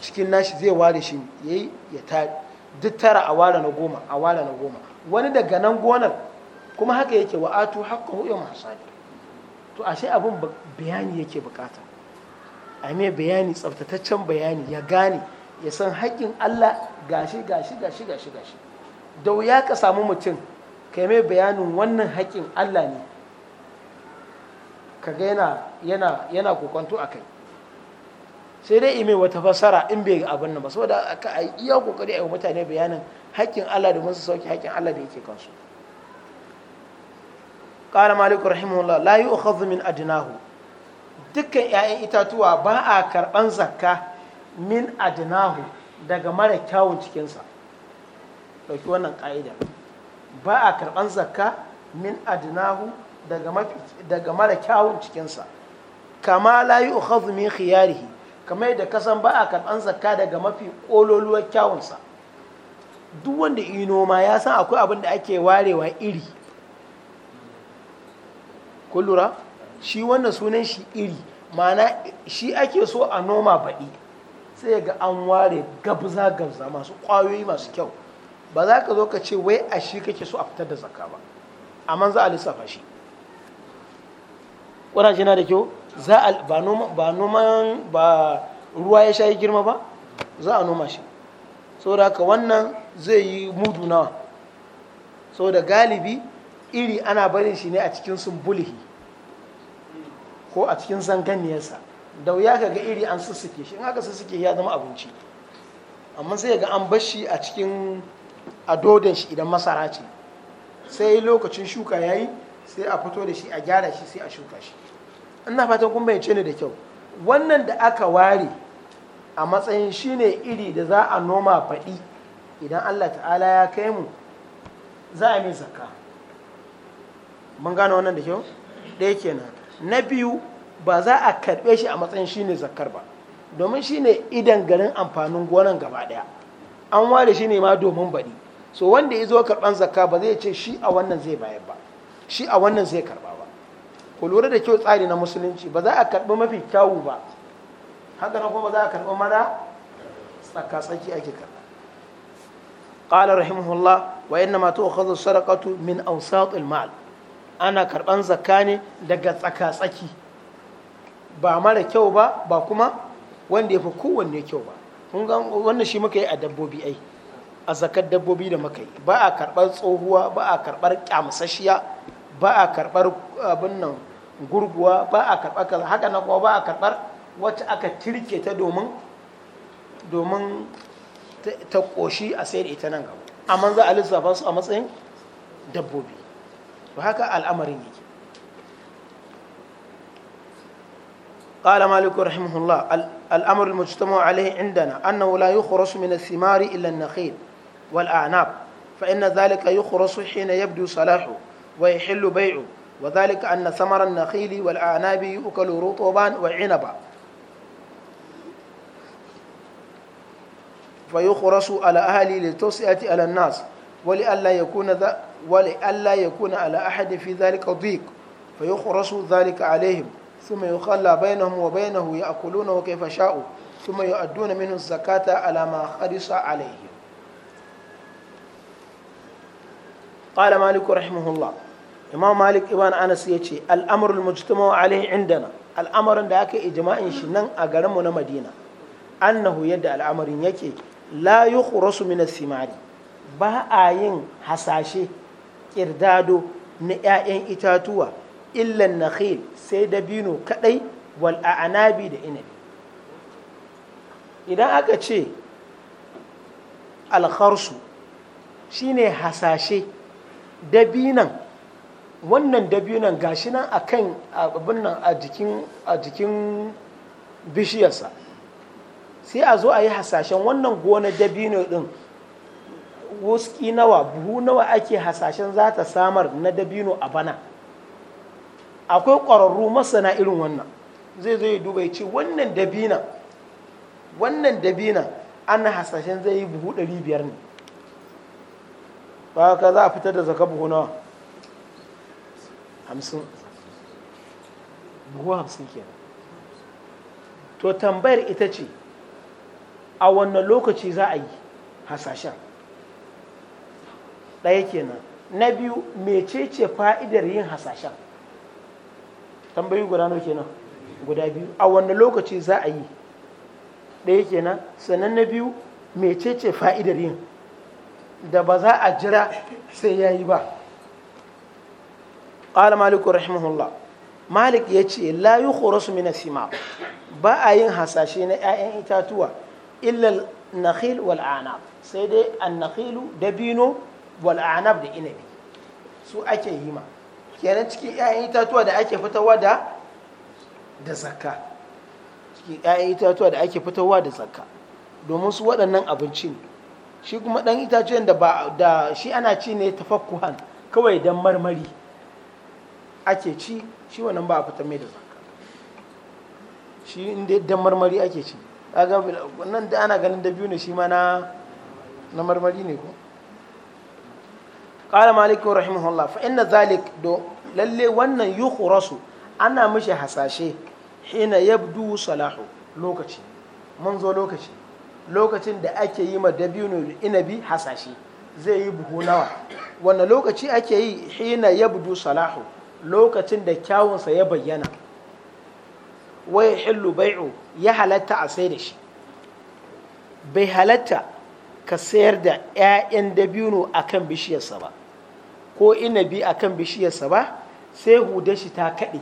Speaker 1: cikin nashi zai ware shi ya yi ya tari. duk tara a ware na goma a ware na goma wani daga nan gonar kuma haka yake wa atu haqqahu yawm hasadi to ashe abin bayani yake bukata a mai bayani tsaftataccen bayani ya gane ya san haƙƙin Allah gashi gashi gashi gashi gashi da wuya ka samu mutum kai mai bayanin wannan haƙƙin Allah ne kaga yana yana kokonto a kai sai dai ime wata fassara in bai abin nan ba saboda aka ai iya kokari yi mutane bayanin haƙƙin Allah domin su sauke haƙƙin Allah da yake kansu qala maliku rahimahullah la yi yu'khadhu min adnahu dukkan 'ya'yan itatuwa ba a karɓan zakka min adinahu daga mara kyawun cikinsa ɗauki wannan ƙa'ida ba a karɓan zakka min adnahu daga mara kyawun cikinsa kama la yi ukhadhu min khiyarihi kamar da kasan ba a karɓan zakka daga mafi ƙololuwar kyawunsa duk wanda yi noma ya san akwai abin da ake warewa iri kullura shi wannan sunan shi iri mana shi ake so a noma baɗi sai ga an ware gabza gabza masu ƙwayoyi masu kyau ba za ka zo ka ce wai a shi kake so a fitar da zakka ba amma za a lissafa shi ƙuraje na da kyau za a ba noman ba ruwa ya shayi girma ba za a noma shi saboda haka wannan zai yi mudu nawa saboda galibi iri ana barin shi ne a cikin sumbulihi ko a cikin zanganiyarsa da wuya ka ga iri an sussuke shi in aka sussuke ya zama abinci amma sai ga an bashi a cikin a dodon shi idan masara ce sai lokacin shuka yayi sai a fito da shi a gyara shi sai a shuka shi ina fatan kun bayyance ne da kyau wannan da aka ware a matsayin shine iri da za a noma faɗi idan Allah ta'ala ya kai mu za a yi zakka mun gane wannan da kyau ɗaya kenan na biyu ba za a karɓe shi a matsayin shine zakkar ba domin shine idan garin amfanin gonan gaba ɗaya an ware shi ne ma domin baɗi so wanda ya zo karban zakka ba zai ce shi a wannan zai bayar ba shi a wannan zai karba ba ku lura da kyau tsari na musulunci ba za a karbi mafi kyawu ba haka na kuma za a karbi mara tsaka tsaki ake karba qala rahimahullah wa inna ma tu'khadhu sadaqatu min awsat al-mal ana karban zakka ne daga tsaka tsaki ba mara kyau ba ba kuma wanda ya fi kowanne kyau ba wannan shi muka yi a dabbobi ai a zakar dabbobi da muka yi ba a karɓar tsohuwa ba a karɓar ƙyamsashiya ba a karɓar abin nan gurguwa ba a karɓar kaza haka na kuma ba a karɓar wacce aka tirke ta domin domin ta ƙoshi a sayar ita nan gaba amma za a lissafa su a matsayin dabbobi to haka al'amarin yake قال مالك رحمه الله الأمر المجتمع عليه عندنا أنه لا يخرس من الثمار إلا النخيل والأعناب فإن ذلك يخرص حين يبدو صلاحه ويحل بيعه وذلك أن ثمر النخيل والأعناب يؤكل رطبا وعنبا فيخرص على أهلي للتوسئة على الناس ولئلا يكون ذا ولئلا يكون على أحد في ذلك ضيق فيخرص ذلك عليهم ثم يخلى بينهم وبينه يأكلونه كيف شاءوا ثم يؤدون منه الزكاة على ما خرص عليهم qala malik rahimahullah imam malik ibn anas yace al'amrul mujtama'u alaihi inda al'amarin da aka ijma'in shi nan a garin mu na madina annahu yadda al'amarin yake la yukhrasu min simari ba a yin hasashe kirdado na 'ya'yan itatuwa illan nakhil sai dabino kadai wal a'nabi da inabi idan aka ce alkharsu shine hasashe dabinan wannan dabinan gashi nan a kan abin nan a jikin bishiyarsa sai a zo a yi hasashen wannan gona dabino din wuski nawa buhu nawa ake hasashen za ta samar na dabino a bana akwai ƙwararru masana irin wannan zai zo ya duba ya ce wannan dabinan wannan dabinan ana hasashen zai yi buhu 500 ne ba ka za a fitar da zaka buhu nawa hamsin buhu hamsin kenan to tambayar ita ce a wannan lokaci za a yi hasashen ɗaya kenan na biyu mecece fa'idar yin hasashen tambayi guda nawa kenan guda biyu a wanne lokaci za a yi ɗaya kenan sannan na biyu mecece fa'idar yin da ba za a jira sai ya yi ba ƙala maliku rahimahullah malik ya ce layu horosu mina sima ba a yin hasashe na 'ya'yan itatuwa illal nakhil wal anab sai dai an nakhilu dabino wal anab da inabi su ake yi ma kenan cikin 'ya'yan itatuwa da ake fitowa da da zakka cikin 'ya'yan itatuwa da ake fitowa da zakka domin su waɗannan abinci ne shi kuma ɗan itacen da ba da shi ana ci ne tafakkuhan kawai don marmari ake ci shi wannan ba a fita mai da zakka shi inda don marmari ake ci kaga nan da ana ganin da biyu ne shi ma na na marmari ne ko qala maliku rahimahullah fa inna zalik do lalle wannan yukhrasu ana mishi hasashe hina yabdu salahu lokaci mun zo lokaci lokacin da ake yi ma dabino da inabi hasashe zai yi buhu nawa wanda lokaci ake yi hina ya budu salahu lokacin da kyawunsa ya bayyana wai hillu bai'u ya halatta a sai da shi bai halatta ka sayar da 'ya'yan dabino a kan bishiyarsa ba ko inabi a kan bishiyarsa ba sai huda shi ta kaɗe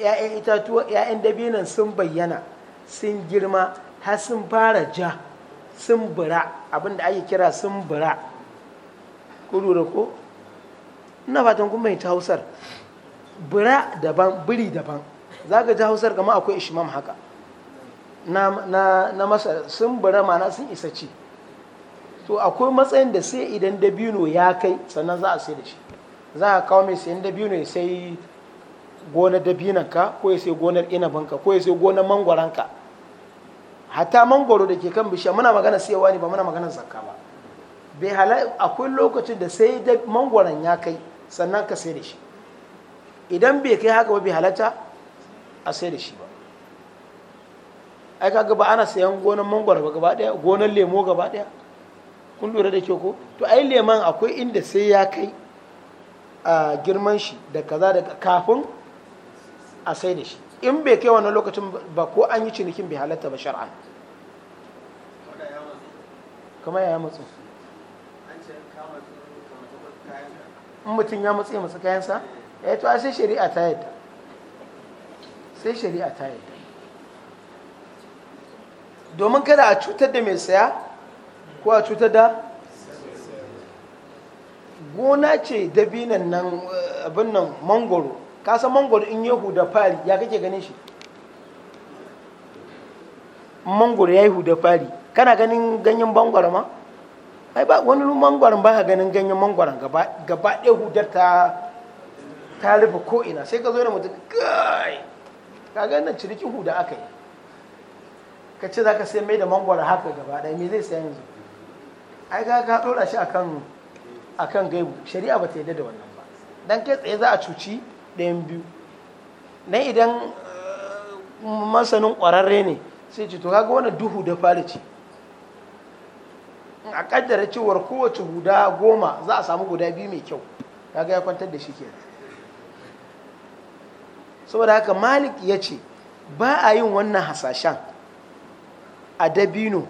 Speaker 1: 'ya'yan itatuwa 'ya'yan dabinan sun bayyana sun girma har sun fara ja sun bura abinda ake kira sun bura kurura ko ina fatan kuma mai ta hausar bura daban biri daban za ka ji hausar kama akwai ishimam haka na masar sun bura mana sun isa ce to akwai matsayin da sai idan dabino ya kai sannan za a sai da shi za a kawo mai sayan dabino ya sai gonar dabinanka ko ya sai gonar inabanka ko ya sai gonar mangwaranka hatta mangoro da ke kan bishiya muna magana siyawa ne ba muna magana zakka ba bai hala akwai lokacin da sai da mangoron ya kai sannan ka sai da shi idan bai kai haka ba bai halatta a sai da shi ba ai kaga ba ana sayan gonan mangoro ba gaba daya gonan lemo gaba daya kun lura da ke ko to ai leman akwai inda sai ya kai a girman shi da kaza da kafin a sai da shi in bai kai wannan lokacin ba ko an yi cinikin bai halatta ba shar'an kama ya matsu in mutum ya matsu ya matsu kayansa ya eh, to sai shari'a ta yadda sai shari'a ta yadda domin kada a cutar da mai saya ko a cutar da gona ce dabinan nan eh, abin nan mangoro ka san mangoro in yi huda fari ya kake ganin shi mangoro ya yi huda fari kana ganin ganyen bangwara ma ai ba wani mangoro ba ka ganin ganyen mangoro, gaba ɗaya hudar ta ta rufe ko'ina sai ka zo da mutum
Speaker 2: kai
Speaker 1: ka ganin nan cirikin huda aka yi ka ce za ka sai mai da mangwara haka gaba ɗaya me zai sayan yanzu ai ga ka ɗora shi akan akan gaibu shari'a ba ta yarda da wannan ba dan kai tsaye za a cuci ɗayan biyu na idan eh, masanin ƙwararre ne sai ce to kaga wani duhu da fari ce a ƙaddara cewar kowace guda goma za a samu guda biyu mai kyau kaga ya kwantar da shi kenan saboda haka malik ya ce ba a yin wannan hasashen a dabino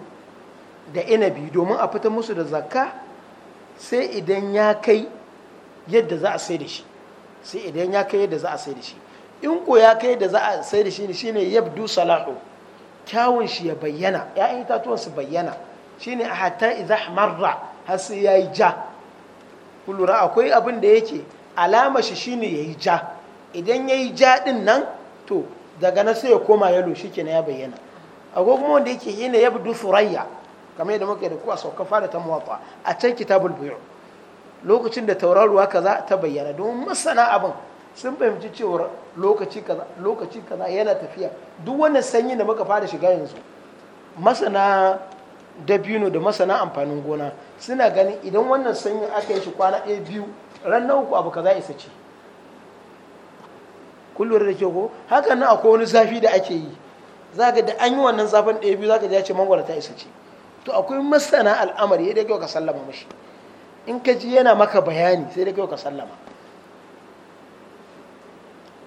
Speaker 1: da inabi domin a fitar musu da zakka sai idan ya kai yadda za a sai da shi sai idan ya kai yadda za a sai da shi in ko ya kai yadda za a sai da shi ne yabdu salahu kyawun shi ya bayyana ya'yan itatuwan su bayyana shine a hatta idza marra har sai yayi ja kun akwai abin da yake alama shi shine yayi ja idan yayi ja din nan to daga nan sai ya koma yalo shikenan ya bayyana akwai kuma wanda yake hina yabdu furayya kamar yadda muka yi da ku a sauka fara ta muwatta a can kitabul buyu' lokacin da tauraruwa kaza ta bayyana domin masana abin sun fahimci cewar lokaci kaza lokaci kaza yana tafiya duk wannan sanyi da muka fara shiga yanzu masana dabino da masana amfanin gona suna ganin idan wannan sanyi aka yi shi kwana ɗaya biyu ran na uku abu kaza isa ce kun da ke ko hakan nan akwai wani zafi da ake yi za ka da an yi wannan zafin ɗaya biyu za ka ce mangwara ta isa ce to akwai masana al'amari ya da ka sallama mashi in ka ji yana maka bayani sai dai kai ka sallama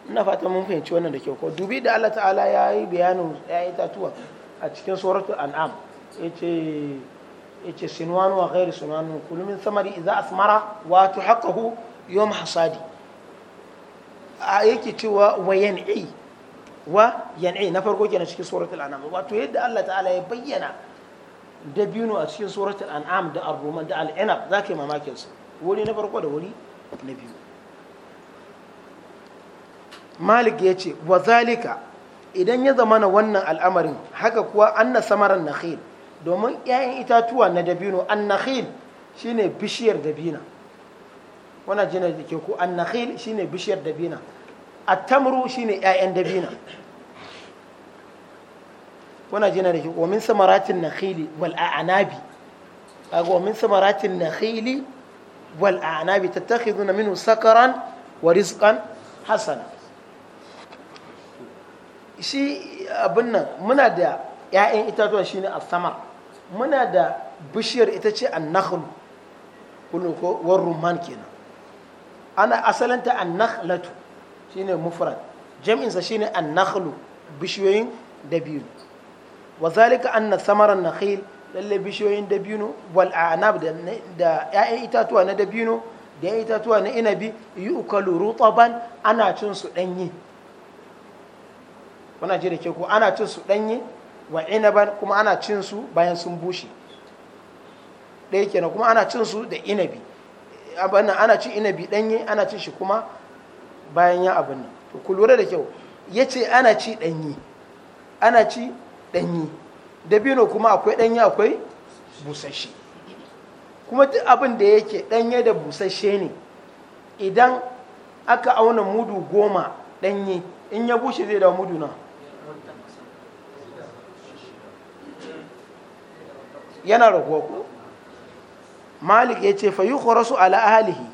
Speaker 1: ina fata mun fahimci wannan da kyau ko dubi da Allah ta'ala ya yi bayanin ya yi tatuwa a cikin suratul an'am yace yace sinwan wa ghairu sinwan kullu min samari idza asmara wa tuhaqqahu yawm hasadi a yake cewa wa yan'i wa yan'i na farko kenan cikin suratul an'am wato yadda Allah ta'ala ya bayyana dabino a cikin suratul an'am da ar da al-inab zaka yi mamakin su wuri na farko da wuri na biyu malik ya ce wa zalika idan ya zama na wannan al'amarin haka kuwa anna samaran nakhil domin 'ya'yan itatuwa na dabino an shine bishiyar dabina wana jina da ke ku an shine bishiyar dabina Atamru shine 'ya'yan dabina kuna jina da shi wa min samaratin nakhili wal a'nabi kaga wa min samaratin nakhili wal a'nabi tattakhiduna minhu sakaran wa rizqan hasana shi abin nan muna da ‘ya'yan itatuwa shi ne samar muna da bishiyar ita ce annahul war rumman kenan ana asalinta annahlatu shi shine mufrad jam'insa shi ne annahlu bishiyoyin biyu. wa zalika anna samaran nakhil lalle bishiyoyin dabino wal anab da ya'yan itatuwa na dabino da ya'yan itatuwa na inabi ukalu rutaban ana cin su danyi wana ji da ke ko ana cin su danyi wa inaban kuma ana cin su bayan sun bushe da kenan kuma ana cin su da inabi abin ana cin inabi danyi ana cin shi kuma bayan ya abin nan to ku lura da kyau yace ana ci danyi ana ci ɗanyi dabino kuma akwai ɗanyi akwai busasshe kuma duk abin da yake ɗanye da busasshe ne idan aka auna mudu goma ɗanye in ya bushe zai da mudu na yana raguwa ku malik ya ce fayi su ala ahalihi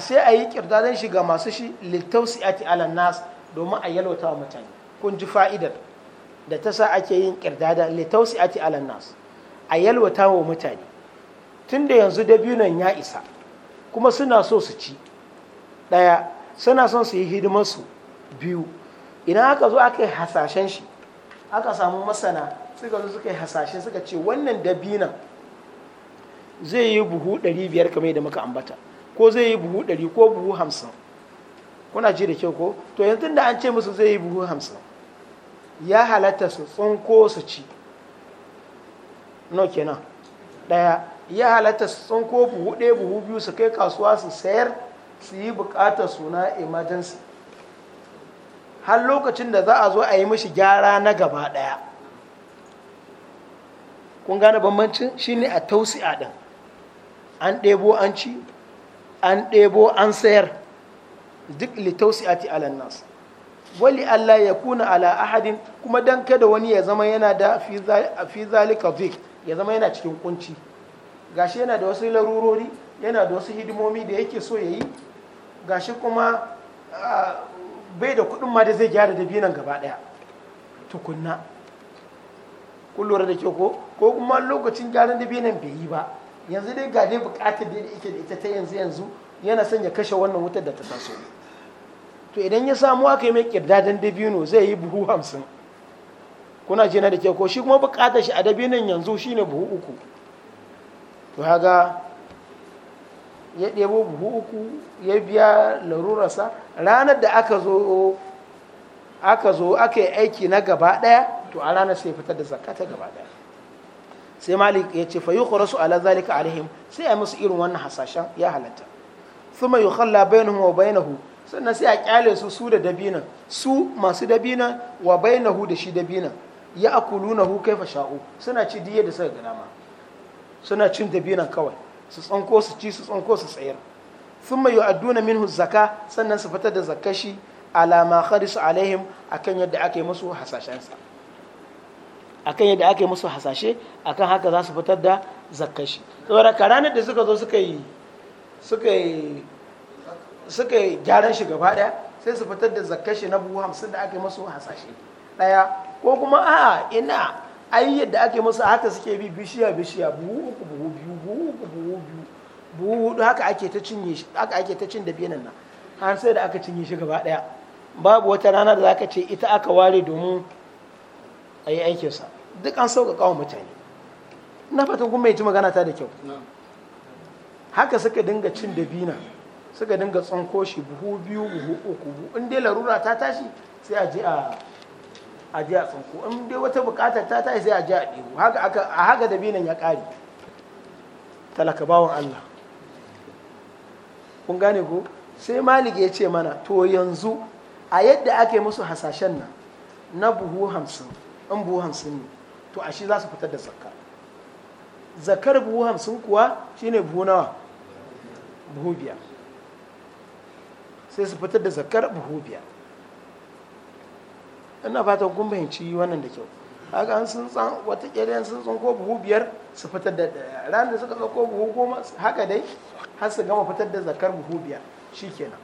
Speaker 1: sai a yi kirdadan shiga masu shi littausi ati ala nas domin a yalwata mutane kun ji fa'idar da ta sa ake yin kirdada litausi ati alan nasu a yalwata wa mutane tun da yanzu dabinon ya isa kuma suna so su ci ɗaya suna son su yi hidimarsu biyu idan aka zo aka yi hasashen shi aka samu masana suka zo suka yi hasashen suka ce wannan dabinan zai yi buhu 500 kamar da muka ambata ko zai yi buhu 100 ko buhu 50 kuna ji da kyau ko to yanzu da an ce musu zai yi buhu 50 ya halatta su tsunko su ci no kenan ɗaya ya halatta su tsunko buhu ɗaya buhu biyu su kai kasuwa su sayar su yi buƙatar suna emergency har lokacin da za a zo a yi mishi gyara na gaba ɗaya kun gane bambancin shine a tausi a ɗan an ɗebo an ci an ɗebo an sayar duk a ti nasu wali Allah ya kuna ala ahadin kuma dan kada wani ya zama yana da fi zalika zik ya zama yana cikin kunci gashi yana da wasu larurori yana da wasu hidimomi da yake so ya yayi gashi kuma bai da kuɗin ma da zai gyara da binan gaba ɗaya tukunna kun da ke ko ko kuma lokacin gyaran da binan bai yi ba yanzu dai ga dai buƙatar da yake da ita ta yanzu yanzu yana son ya kashe wannan wutar da ta taso to idan ya samu aka yi mai kirdadan dabino zai yi buhu hamsin kuna ce na da kyau ko shi kuma bukatar shi a dabinon yanzu shine buhu uku to haga ya ɗebo buhu uku ya biya larurarsa ranar da aka zo aka zo aka yi aiki na gaba ɗaya to a ranar sai fitar da zakata gaba ɗaya sai malik ya ce fa kwarasu ala zalika alihim sai a musu irin wannan hasashen ya halatta thumma yukhalla bainahum wa bainahu sannan sai a kyale su su da dabinan su masu dabinan wa bainahu da shi dabinan ya akulunahu kaifa sha'u suna ci diye da suka gana ma suna cin dabinan kawai su tsanko su ci su tsanko su tsayar sun mai yu'adduna min zaka sannan su fitar da zakashi alama kharis alaihim akan yadda aka yi musu hasashensa akan yadda aka yi musu hasashe akan haka za su fitar da zakashi saboda ranar da suka zo suka yi suka yi suka yi gyaran shi gaba ɗaya sai su fitar da zakkar na buhu hamsin da aka masu hasashe ɗaya ko kuma a'a ina ai yadda ake masu haka suke bi bishiya bishiya buhu uku buhu biyu buhu uku buhu biyu buhu hudu haka ake ta cinye shi haka ake ta cin da biyan nan har sai da aka cinye shi gaba daya babu wata rana da zaka ce ita aka ware domin a yi aikin duk an sauƙaƙa wa mutane na fatan kuma ya ci magana ta da kyau haka suka dinga cin da bina suka dinga tsanko shi buhu biyu buhu uku buhu in dai larura ta tashi sai a je a a je a tsanko in dai wata bukatar ta tashi sai a je a ɗebo haka aka a haka da binan ya ƙare talaka bawan Allah kun gane ko sai malik ya ce mana to yanzu a yadda ake musu hasashen nan na buhu hamsin in buhu hamsin ne to a shi za su fitar da zakka zakar buhu hamsin kuwa shine buhu nawa buhu biyar sai su fitar da zakar buhu biyar ina fatan kun fahimci wannan da kyau haka an sun tsan watakila yan sun tsanko buhu biyar su fitar da ran da suka tsanko buhu goma haka dai har su gama fitar da zakar buhu biyar shikenan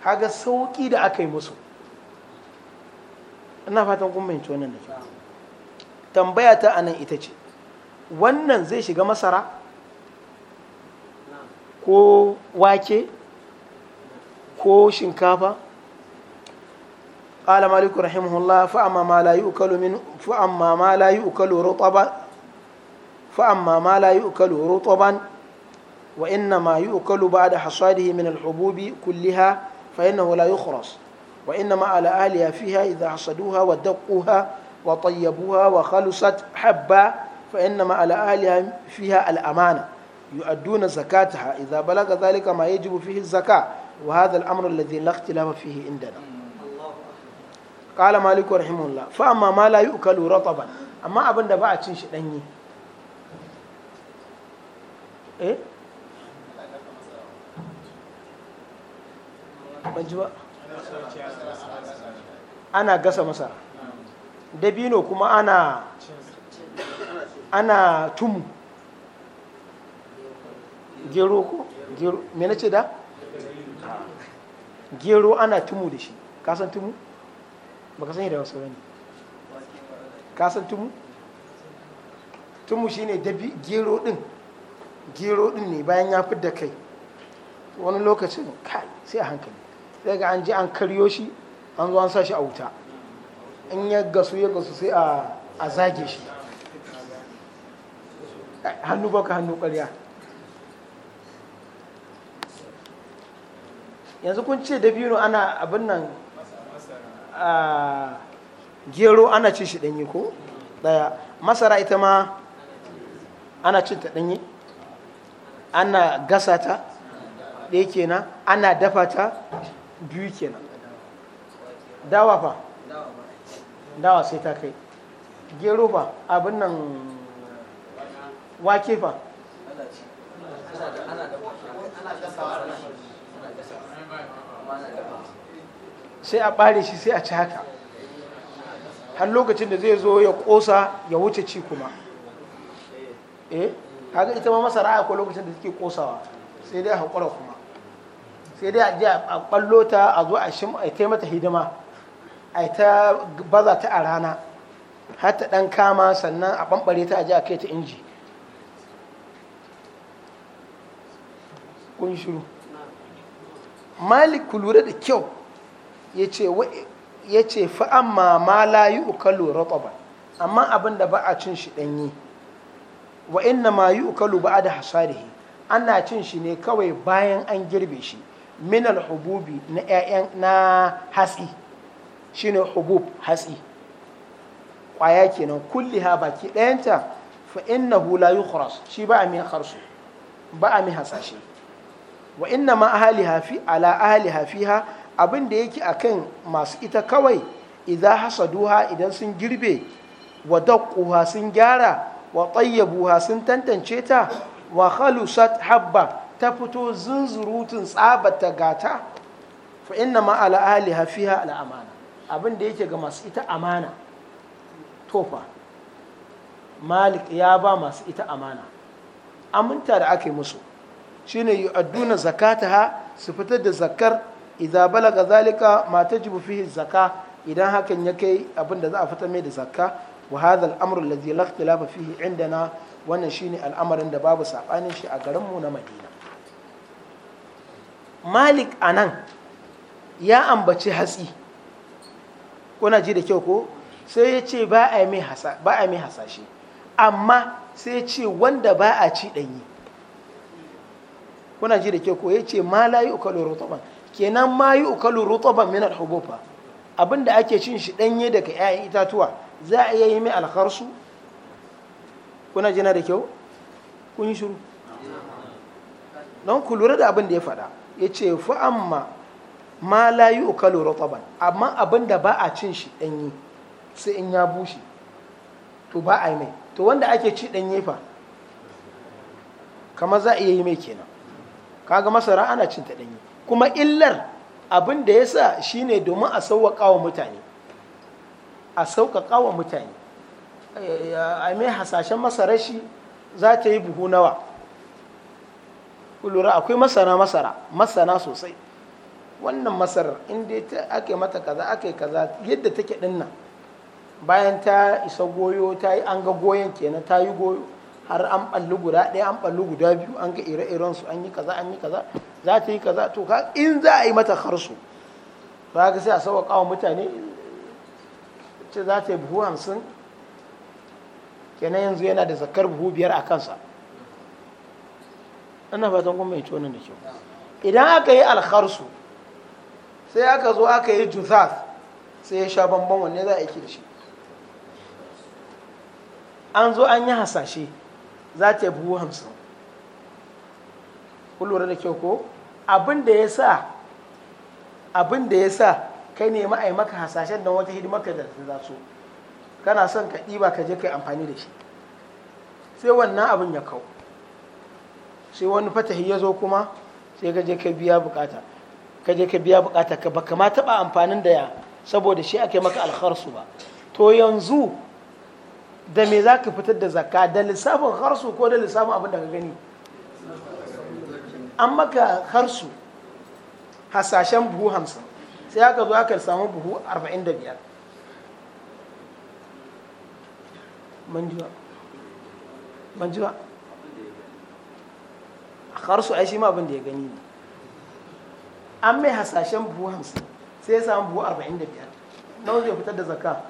Speaker 1: haka sauki da aka yi musu ina fatan kun fahimci wannan da kyau tambaya ta anan ita ce wannan zai shiga masara ko wake ko كافا قال مالك رحمه الله فأما ما لا يؤكل من فأما ما لا يؤكل رطبا فأما ما لا يؤكل رطبا وإنما يؤكل بعد حصاده من الحبوب كلها فإنه لا يخرص وإنما على أهلها فيها إذا حصدوها ودقوها وطيبوها وخلصت حبا فإنما على أهلها فيها الأمانة يؤدون زكاتها إذا بلغ ذلك ما يجب فيه الزكاة وهذا الأمر الذي لا اختلاف فيه عندنا قال مالك رحمه الله فأما ما لا يؤكل رطبا أما أبن دباء تنشي دنيي إيه banjiba ana gasa masara dabino kuma ana ana tumu gero ko gero me nace da gero ana tumu da shi ka san tumu ba ka san da wasu bane ka san tumu tumu ne dabi gero din gero din ne bayan ya fidda kai wani lokacin kai sai a hankali sai ga an ji an karyo shi an zo an sa shi a wuta in ya gasu ya gasu sai a zage shi hannu baka hannu ƙarya yanzu kun ce dabino ana abin nan gero ana cin shi ɗanyi ko ɗaya masara ita ma ana cin ta ana gasa ta ɗaya kenan ana dafa ta biyu kenan dawa fa dawa sai ta kai gero fa abin nan wake fa sai a ɓare shi sai a ci haka har lokacin da zai zo ya ƙosa ya wuce ci kuma eh haka ita ma masara akwai lokacin da take ƙosawa sai dai a haƙura kuma sai dai a je a ɓallo ta a zo a shim a mata hidima a ta baza ta a rana har ta ɗan kama sannan a ɓamɓare ta a je a kai ta inji kun shiru malik ku lura da kyau ya ce fa amma ma la yi ukalu ba amma abin da ba a cin shi ɗanyi wa inna ma yi ukalu ba da hasarihi ana cin shi ne kawai bayan an girbe shi minal hububi na yayan na hatsi shine hubub hatsi kwaya kenan kulliha baki ɗayanta fa innahu la yukhras shi ba a harsu ba a hasashe wa inna ma ahali hafi ala ahali hafiha abin da yake kan masu ita kawai idan hasaduha idan sun girbe wa daquha sun gyara wa tayyabuha sun tantance ta wa khalusat habba ta fito zunzurutun tsabata gata fa inna ma ala ahali hafiha ala amana abin da yake ga masu ita amana tofa malik ya ba masu ita amana aminta da aka yi musu shine yu'adduna zakataha su fitar da zakar idza balaga zalika ma tajibu fihi zakah idan hakan ya kai abin da za a fitar mai da zakka wa hadha al-amru alladhi la ikhtilafa fihi indana wannan shine al'amarin da babu sabanin shi a garin mu na Madina Malik anan ya ambaci hatsi kuna ji da kyau ko sai ya ce ba a yi mai hasashe amma sai ya ce wanda ba a ci ɗanyi kuna ji da ke ko ce ma la ukalu rutban kenan ma yi ukalu rutban min al-hubufa abinda ake cin shi danye daga 'ya'yan itatuwa za a iya yi mai alkharsu kuna na da kyau kun yi shiru don ku lura da abin da ya faɗa ya ce fa amma ma la yi uka lura amma abin da ba a cin shi danye sai in ya bushe to ba a yi mai to wanda ake ci danye fa kama za a iya yi mai kenan kaga masara ana cin ta ɗanyi kuma illar abin da ya sa shi ne domin a sauƙaƙa wa mutane a sauƙaƙa wa mutane eh, a mai hasashen masara shi za ta yi buhu nawa lura akwai masara masara masana sosai wannan masarar inda ta ake mata kaza ake kaza yadda take ɗinna bayan ta isa goyo ta yi an ga goyon kenan ta yi goyo har an balli guda ɗaya an balli guda biyu an ga ire-iren su an yi kaza an yi kaza za ta yi kaza to ka in za a yi mata harsu ba ka sai a sauƙaƙa wa mutane ce za ta yi buhu hamsin kenan yanzu yana da zakar buhu biyar a kansa ina fatan kuma mai tonin da kyau idan aka yi alharsu sai aka zo aka yi juthas sai ya sha bambam wanne za a yi da shi an zo an yi hasashe za ta yi buhu hamsin kun da kyau ko abin da ya sa abin da ya sa kai ne ma'ai maka hasashen don wata hidimar ka da ta su. kana son ka ɗiba ka je kai amfani da shi sai wannan abin ya kau sai wani fatahi ya zo kuma sai ka je ka biya bukata ka je ka biya bukata ka baka ma taɓa amfanin da ya saboda shi ake maka alkharsu ba to yanzu da me za ka fitar da zakka da lissafin harsu ko da lissafin abin da ka gani an maka harsu hasashen buhu hamsin sai aka zo aka samu buhu arba'in da biyar manjuwa manjuwa harsu ai shi ma abin da ya gani ne an mai hasashen buhu hamsin sai ya samu buhu arba'in da biyar nawa zai fitar da zakka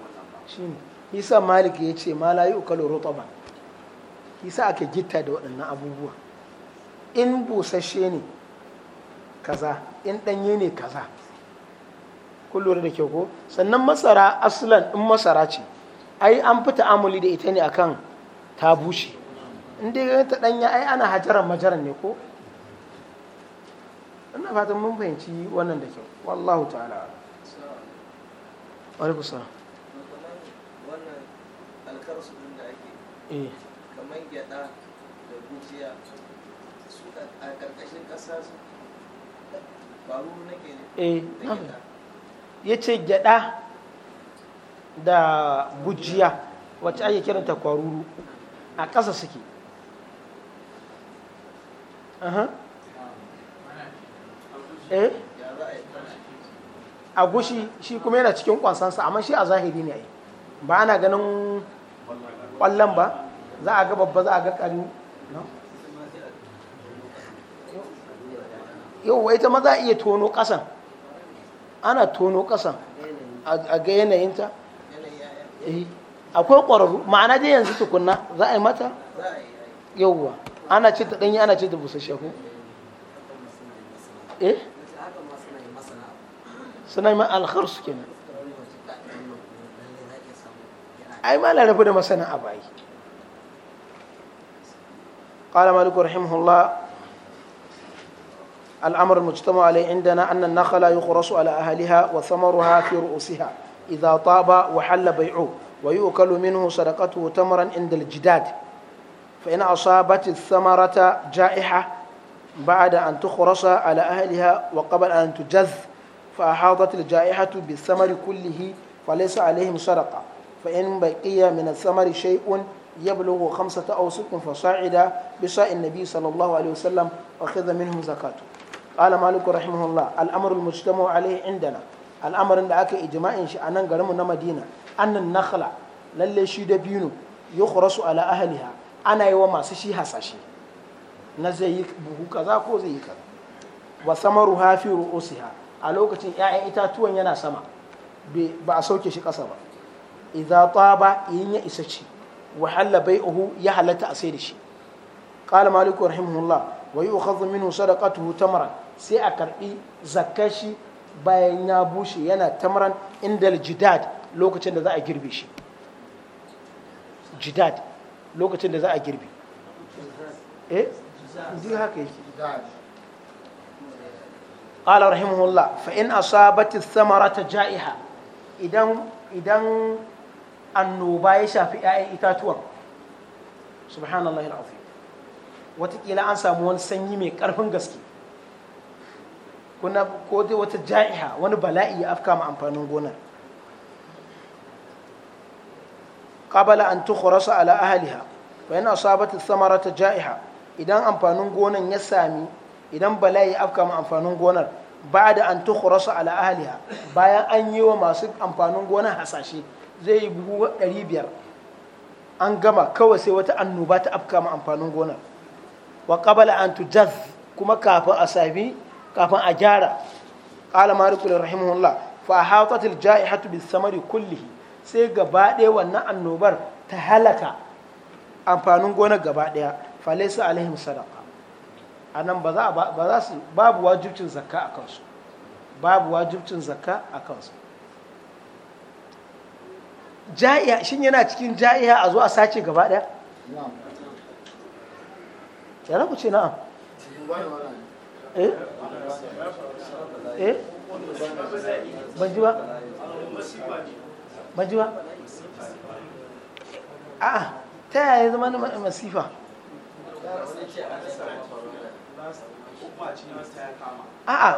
Speaker 1: ne isa malik ya ce ma ukalo yu'kalu rutaba yasa aka gitta da waɗannan abubuwa in busashe ne kaza in ɗanye ne kaza kun da kyau ko sannan masara aslan in masara ce ai an fita amuli da ita ne akan ta bushe in dai ta ɗanya ai ana hajaran majaran ne ko ina fatan mun fahimci wannan da kyau wallahu ta'ala alaikum salam
Speaker 2: wannan din da eh. gyada da gujiya su a
Speaker 1: eh, ya ce gyada da gujiya wacce ake kiranta kwaruru a ƙasa suke eh? a gushi shi kuma yana cikin kwasansa amma shi a zahiri ne a yi ba ana ganin ƙwallon ba za a ga babba za a ga ƙarni yau ita ma za a iya tono ƙasan ana tono ƙasan a ga yanayinta eh, akwai ƙwararru ma'ana dai yanzu tukunna za a yi mata yauwa ana ce ta ɗanyi ana ce ta busa ko eh suna yi ma su kenan أي ما la rabu ما masana a bayi qala malik rahimahullah الأمر المجتمع عليه عندنا أن النخل يخرص على أهلها وثمرها في رؤوسها إذا طاب وحل بيعه ويؤكل منه صدقته تمرا عند الجداد فإن أصابت الثمرة جائحة بعد أن تخرص على أهلها وقبل أن تجذ فأحاطت الجائحة بالثمر كله فليس عليهم صدقة فإن بقي من الثمر شيء يبلغ خمسة أوسق فصاعدا بصاع النبي صلى الله عليه وسلم أخذ منهم زكاته قال مالك رحمه الله الأمر المجتمع عليه عندنا الأمر أن أكي إجماع أن نقرم مدينة أن النخلة للي شيد بينو يخرس على أهلها أنا يوما سشي هساشي نزي بهو كذا كو زي كذا وثمرها في رؤوسها a lokacin 'ya'yan itatuwan yana sama ba a sauke shi ƙasa ba idza taba yin ya isa ci wa halla bai'uhu ya halatta a sai da shi qala maliku rahimahullah wa yu'khadhu minhu sadaqatuhu tamran sai a karbi zakkar shi bayan ya bushe yana tamran inda jidad lokacin da za a girbe shi jidad lokacin da za a girbe eh duk haka yake قال رحمه الله فإن أصابت الثمرة جائحة إذن إذن annoba ya shafi 'ya'yan itatuwan subhanallah al'afi watakila an samu wani sanyi mai ƙarfin gaske ko dai wata ja'iha wani bala'i ya afka ma amfanin gonar qabala an tukhrasa ala ahliha wa in asabat ath-thamarata ja'iha idan amfanin gonar ya sami idan bala'i ya afka ma amfanin gonar ba da an tukhrasa ala ahliha bayan an yi wa masu amfanin gonar hasashe zai yi buhu 500 an gama kawai sai wata annoba ta afka ma amfanin gonar wa qabala an tujaz kuma kafin a sami kafin a gyara qala malik rahimahullah fa hatat al ja'ihatu bis samari kullihi sai gaba ɗaya wannan annobar ta halaka amfanin gona gaba ɗaya fa laysa alaihim sadaqa anan ba za ba za su babu wajibcin zakka a kansu babu wajibcin zakka a kansu ja'iya shin yana cikin ja'iya a zo a sace gaba daya ya za ku ce na'am eh
Speaker 2: eh ban ji ba
Speaker 1: ban ji ba a ta yaya zama na masifa a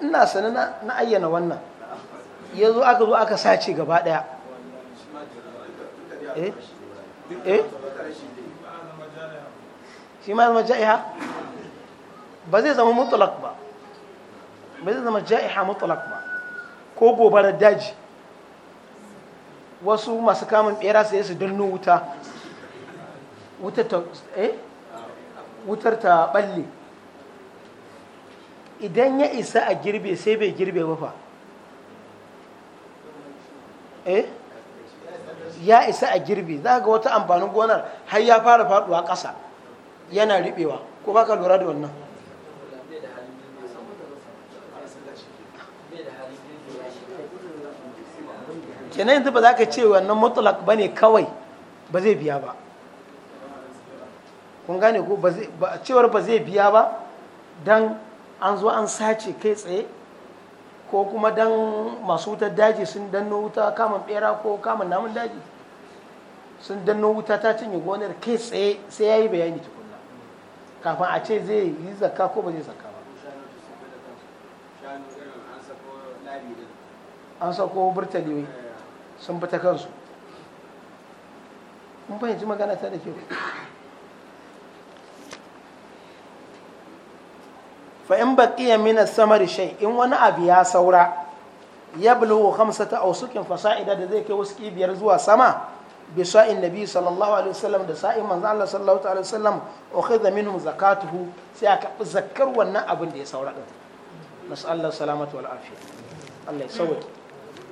Speaker 1: ina sanar na ayyana wannan ya zo aka zo aka sace gaba daya eh eh shi ma zama ja'iha ba zai zama mutlak ba ba zai zama ja'iha mutlak ba ko gobarar daji wasu masu kamun bera sai su danno wuta wutar ta balle eh? idan ya isa a girbe sai bai girbe ba fa eh ya isa a girbi za ga wata amfanin gonar har ya fara faduwa ƙasa yana riɓewa ko baka lura da wannan kenan yanzu ba za ka ce wannan mutlak ba ne kawai ba zai biya ba kun gane ko cewar ba zai biya ba don an zo an sace kai tsaye ko kuma dan masu wutar daji sun danno wuta kamun bera ko kamun namun daji sun danno wuta ta cinye gonar kai tsaye sai ya yi bayani tukunna kafin a ce zai yi zakka ko ba zai zakka ba an sako burtali sun fita kansu mun fahimci magana ta da kyau fa in baqiya min samari shay in wani abu ya saura ya bulughu khamsata awsukin fasa'ida da zai kai wasu biyar zuwa sama bi sa'in nabi sallallahu alaihi wasallam da sa'in manzo Allah sallallahu alaihi wasallam ukhidha minhum zakatuhu sai aka zakkar wannan abin da ya saura din nas'allahu salamatu wal afiya Allah ya sauke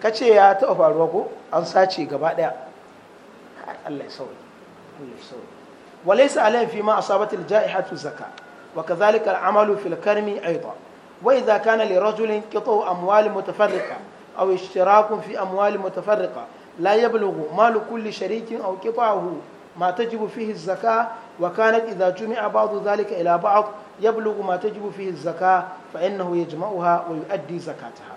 Speaker 1: kace ya taɓa faruwa ko an sace gaba daya Allah ya sauke Allah ya sauke walaysa alaihi fi ma asabatil jaihatu zakat وكذلك العمل في الكرم أيضا وإذا كان لرجل قطع أموال متفرقة أو اشتراك في أموال متفرقة لا يبلغ مال كل شريك أو قطعه ما تجب فيه الزكاة وكانت إذا جمع بعض ذلك إلى بعض يبلغ ما تجب فيه الزكاة فإنه يجمعها ويؤدي زكاتها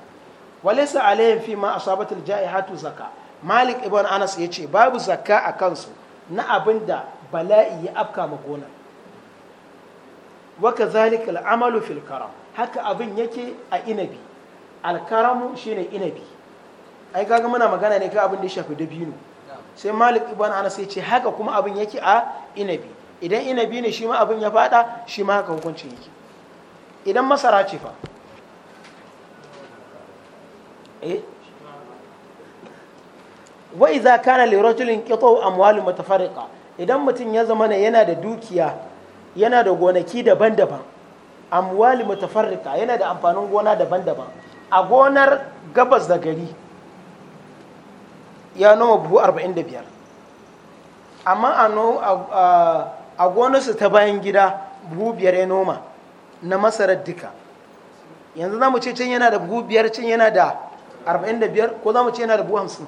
Speaker 1: وليس عليهم فيما أصابت الجائحة زكاة مالك ابن أنس يتشي باب زكاة أكنسو na abin da bala'i ya afka makonar wa zalika al'amalu fil karam haka abin yake a inabi alkaramu shine inabi ai kaga muna magana ne ka abin da ya shafi dabino sai malik ibn anas sai ce haka kuma abin yake a inabi idan inabi ne shi ma abin ya fada shi ma haka hukunci yake idan masara ce fa eh? wa idza kana li rajulin qita'u amwalu mutafarriqa idan mutum ya zama yana da dukiya yana da gonaki daban-daban amwali mutafarrika yana da amfanin gona daban-daban a gonar gabas da gari ya noma buhu 45 amma a gonarsa ta bayan gida buhu biyar ya noma na masarar duka yanzu za mu ce can yana da buhu biyar can yana da 45 ko za mu ce yana da buhu 50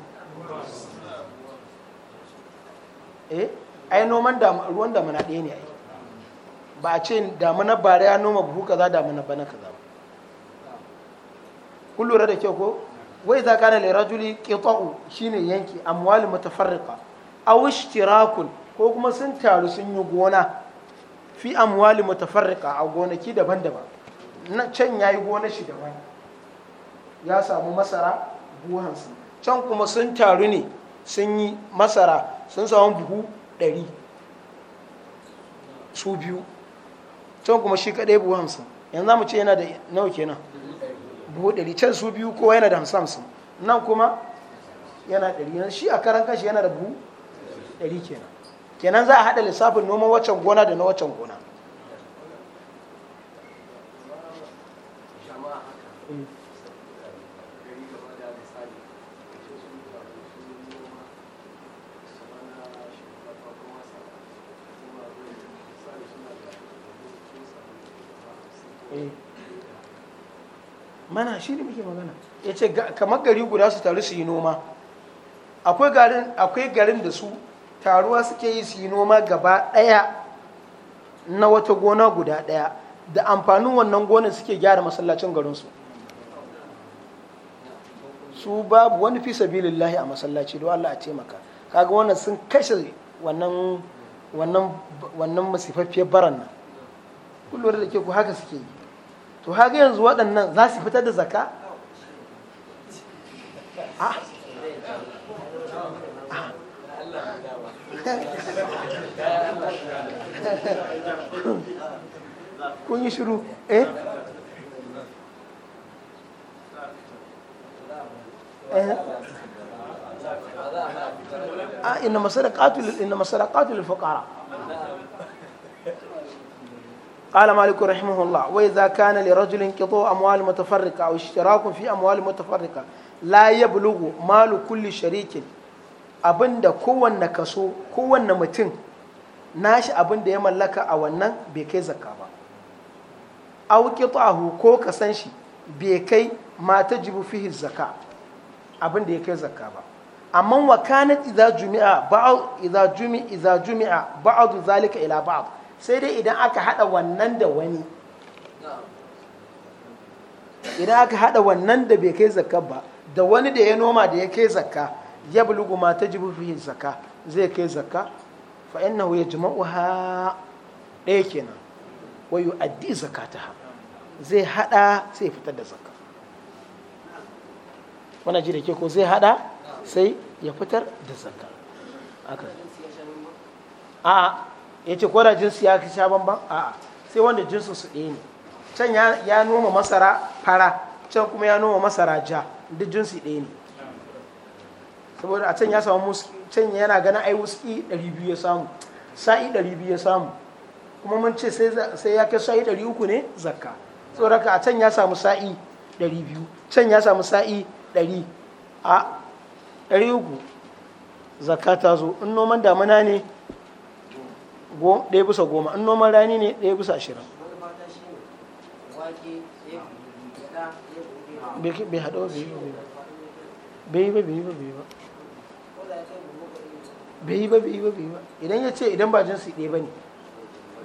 Speaker 1: eh ai noman ruwan damuna ɗaya ne ai ba a ce damuna bara ya noma buhu kaza damuna bana kaza ba kun lura da kyau ko wai za ka kana lirajuli shi shine yanki amwal mutafarriqa aw ishtirakun ko kuma sun taru sun yi gona fi amwali mutafarriqa a gonaki daban-daban na can yayi gona shi daban ya samu masara buhansu can kuma sun taru ne sun yi masara sun samu buhu ɗari su biyu can kuma shi kadai buhu hamsin yanzu za mu ce yana da nawa kenan buhu ɗari can su biyu kowa yana da hamsin hamsin nan kuma yana ɗari yanzu shi a karan kashi yana da buhu ɗari kenan kenan za a haɗa lissafin noman waccan gona da na waccan gona Eh. mana shi ne muke magana ya ce kamar gari guda su taru su yi noma akwai garin da su taruwa suke yi su yi noma gaba ɗaya na wata gona guda ɗaya da amfanin wannan gonar suke gyara masallacin garinsu su babu wani fi sabilillahi a masallaci don Allah a taimaka kaga wannan sun kashe wannan masifaffiyar baran nan kullum da ke ku haka suke yi to haka yanzu waɗannan za su fitar da zaka ah. ah. kun yi shiru eh
Speaker 2: a ina إنما
Speaker 1: صدقات للفقراء قال مالك رحمه الله وإذا كان لرجل قطوع أموال متفرقة أو اشتراك في أموال متفرقة لا يبلغ مال كل شريك abinda kowanne kaso kowanne mutum nashi abinda ya mallaka a wannan bai kai zakka ba aw ahu ko ka san shi bai kai mata tajibu fihi zakka abinda ya kai zakka ba amma wa kanat idza jumi'a ba'd idza jumi'a idza jumi'a ba'd zalika ila ba'd sai dai idan aka haɗa wannan da wani idan aka hada wannan da bai kai zakka ba da wani da ya noma da ya kai zakka ya bulugu ma ta jibu fi zakka zai kai zakka fa innahu ha ɗaya kenan zakka ta ha zai hada sai fitar da zakka wana ji da ke ko zai hada sai ya fitar da zakka a'a. ya ce kodar jinsu ya sha bamban a'a sai wanda jinsu su ɗaya ne can ya noma masara fara can kuma ya noma masara ja duk jinsu ɗaya ne saboda a can ya samu muski can yana gana ai wuski 200 ya samu sa'i 200 ya samu kuma mun ce sai ya kai sa'i 300 ne zakka tsoraka a can ya samu sa'i 200 can ya samu sa'i 100 a 300 zakka ta zo in noman damana ne ɗaya bisa goma in noman rani ne ɗaya bisa ashirin bai haɗa ba bai yi ba bai yi ba bai yi ba bai yi ba bai yi ba bai yi ba idan ya ce idan ba jinsi ɗaya ba ne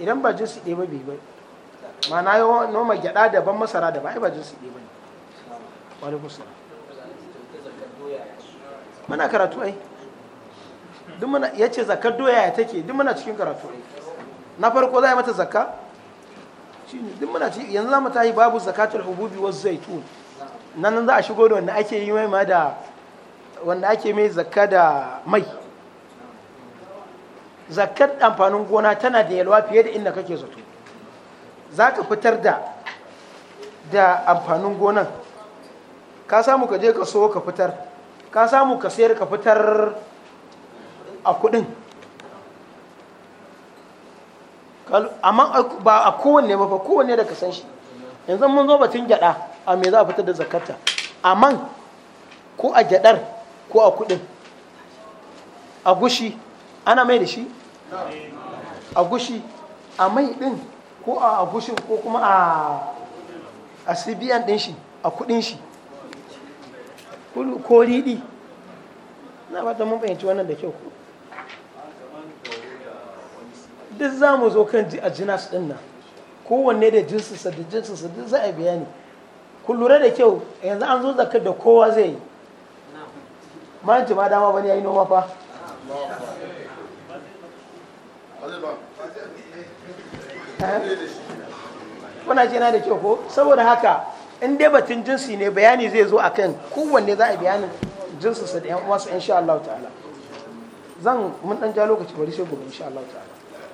Speaker 1: idan ba jinsi ɗaya ba bai yi ba ma na yi noma gyaɗa daban masara daban ai ba jinsi ɗaya ba ne wani kusa mana karatu ai duk muna ya ce zakar doya ya take duk muna cikin karatu na farko za a yi mata zakka shi ne duk muna cikin yanzu za mu tahi babu zakatul hububi wasu zaitun nan za a shigo da wanda ake yi mai da wanda ake mai zakka da mai zakkar amfanin gona tana da yalwa fiye da inda kake zato za ka fitar da da amfanin gonan ka samu ka je ka so ka fitar ka samu ka sayar ka fitar a kudin amma ba a kowanne ba fa kowanne da ka san shi yanzu mun zo batun gyada a me za a fitar da zakarta amma ko a gyadar ko a kudin a gushi ana mai da shi a gushi a mai din ko a gushin ko kuma a a sibiyan din shi a kudin shi ko ridi na ba ta mun fahimci wannan da kyau duk za mu zo kan a jinas ɗin nan kowanne da jinsinsa da jinsinsa duk za a bayani ku lura da kyau yanzu an zo zakar da kowa zai yi Ma ji ma dama wani ya yi noma fa eh? kuna ce na da kyau ko saboda haka in dai batun jinsi ne bayani zai zo akan kowanne za a bayanin jinsinsa da yan uwansa insha Allah ta'ala zan mun dan ja lokaci bari sai gobe insha Allah ta'ala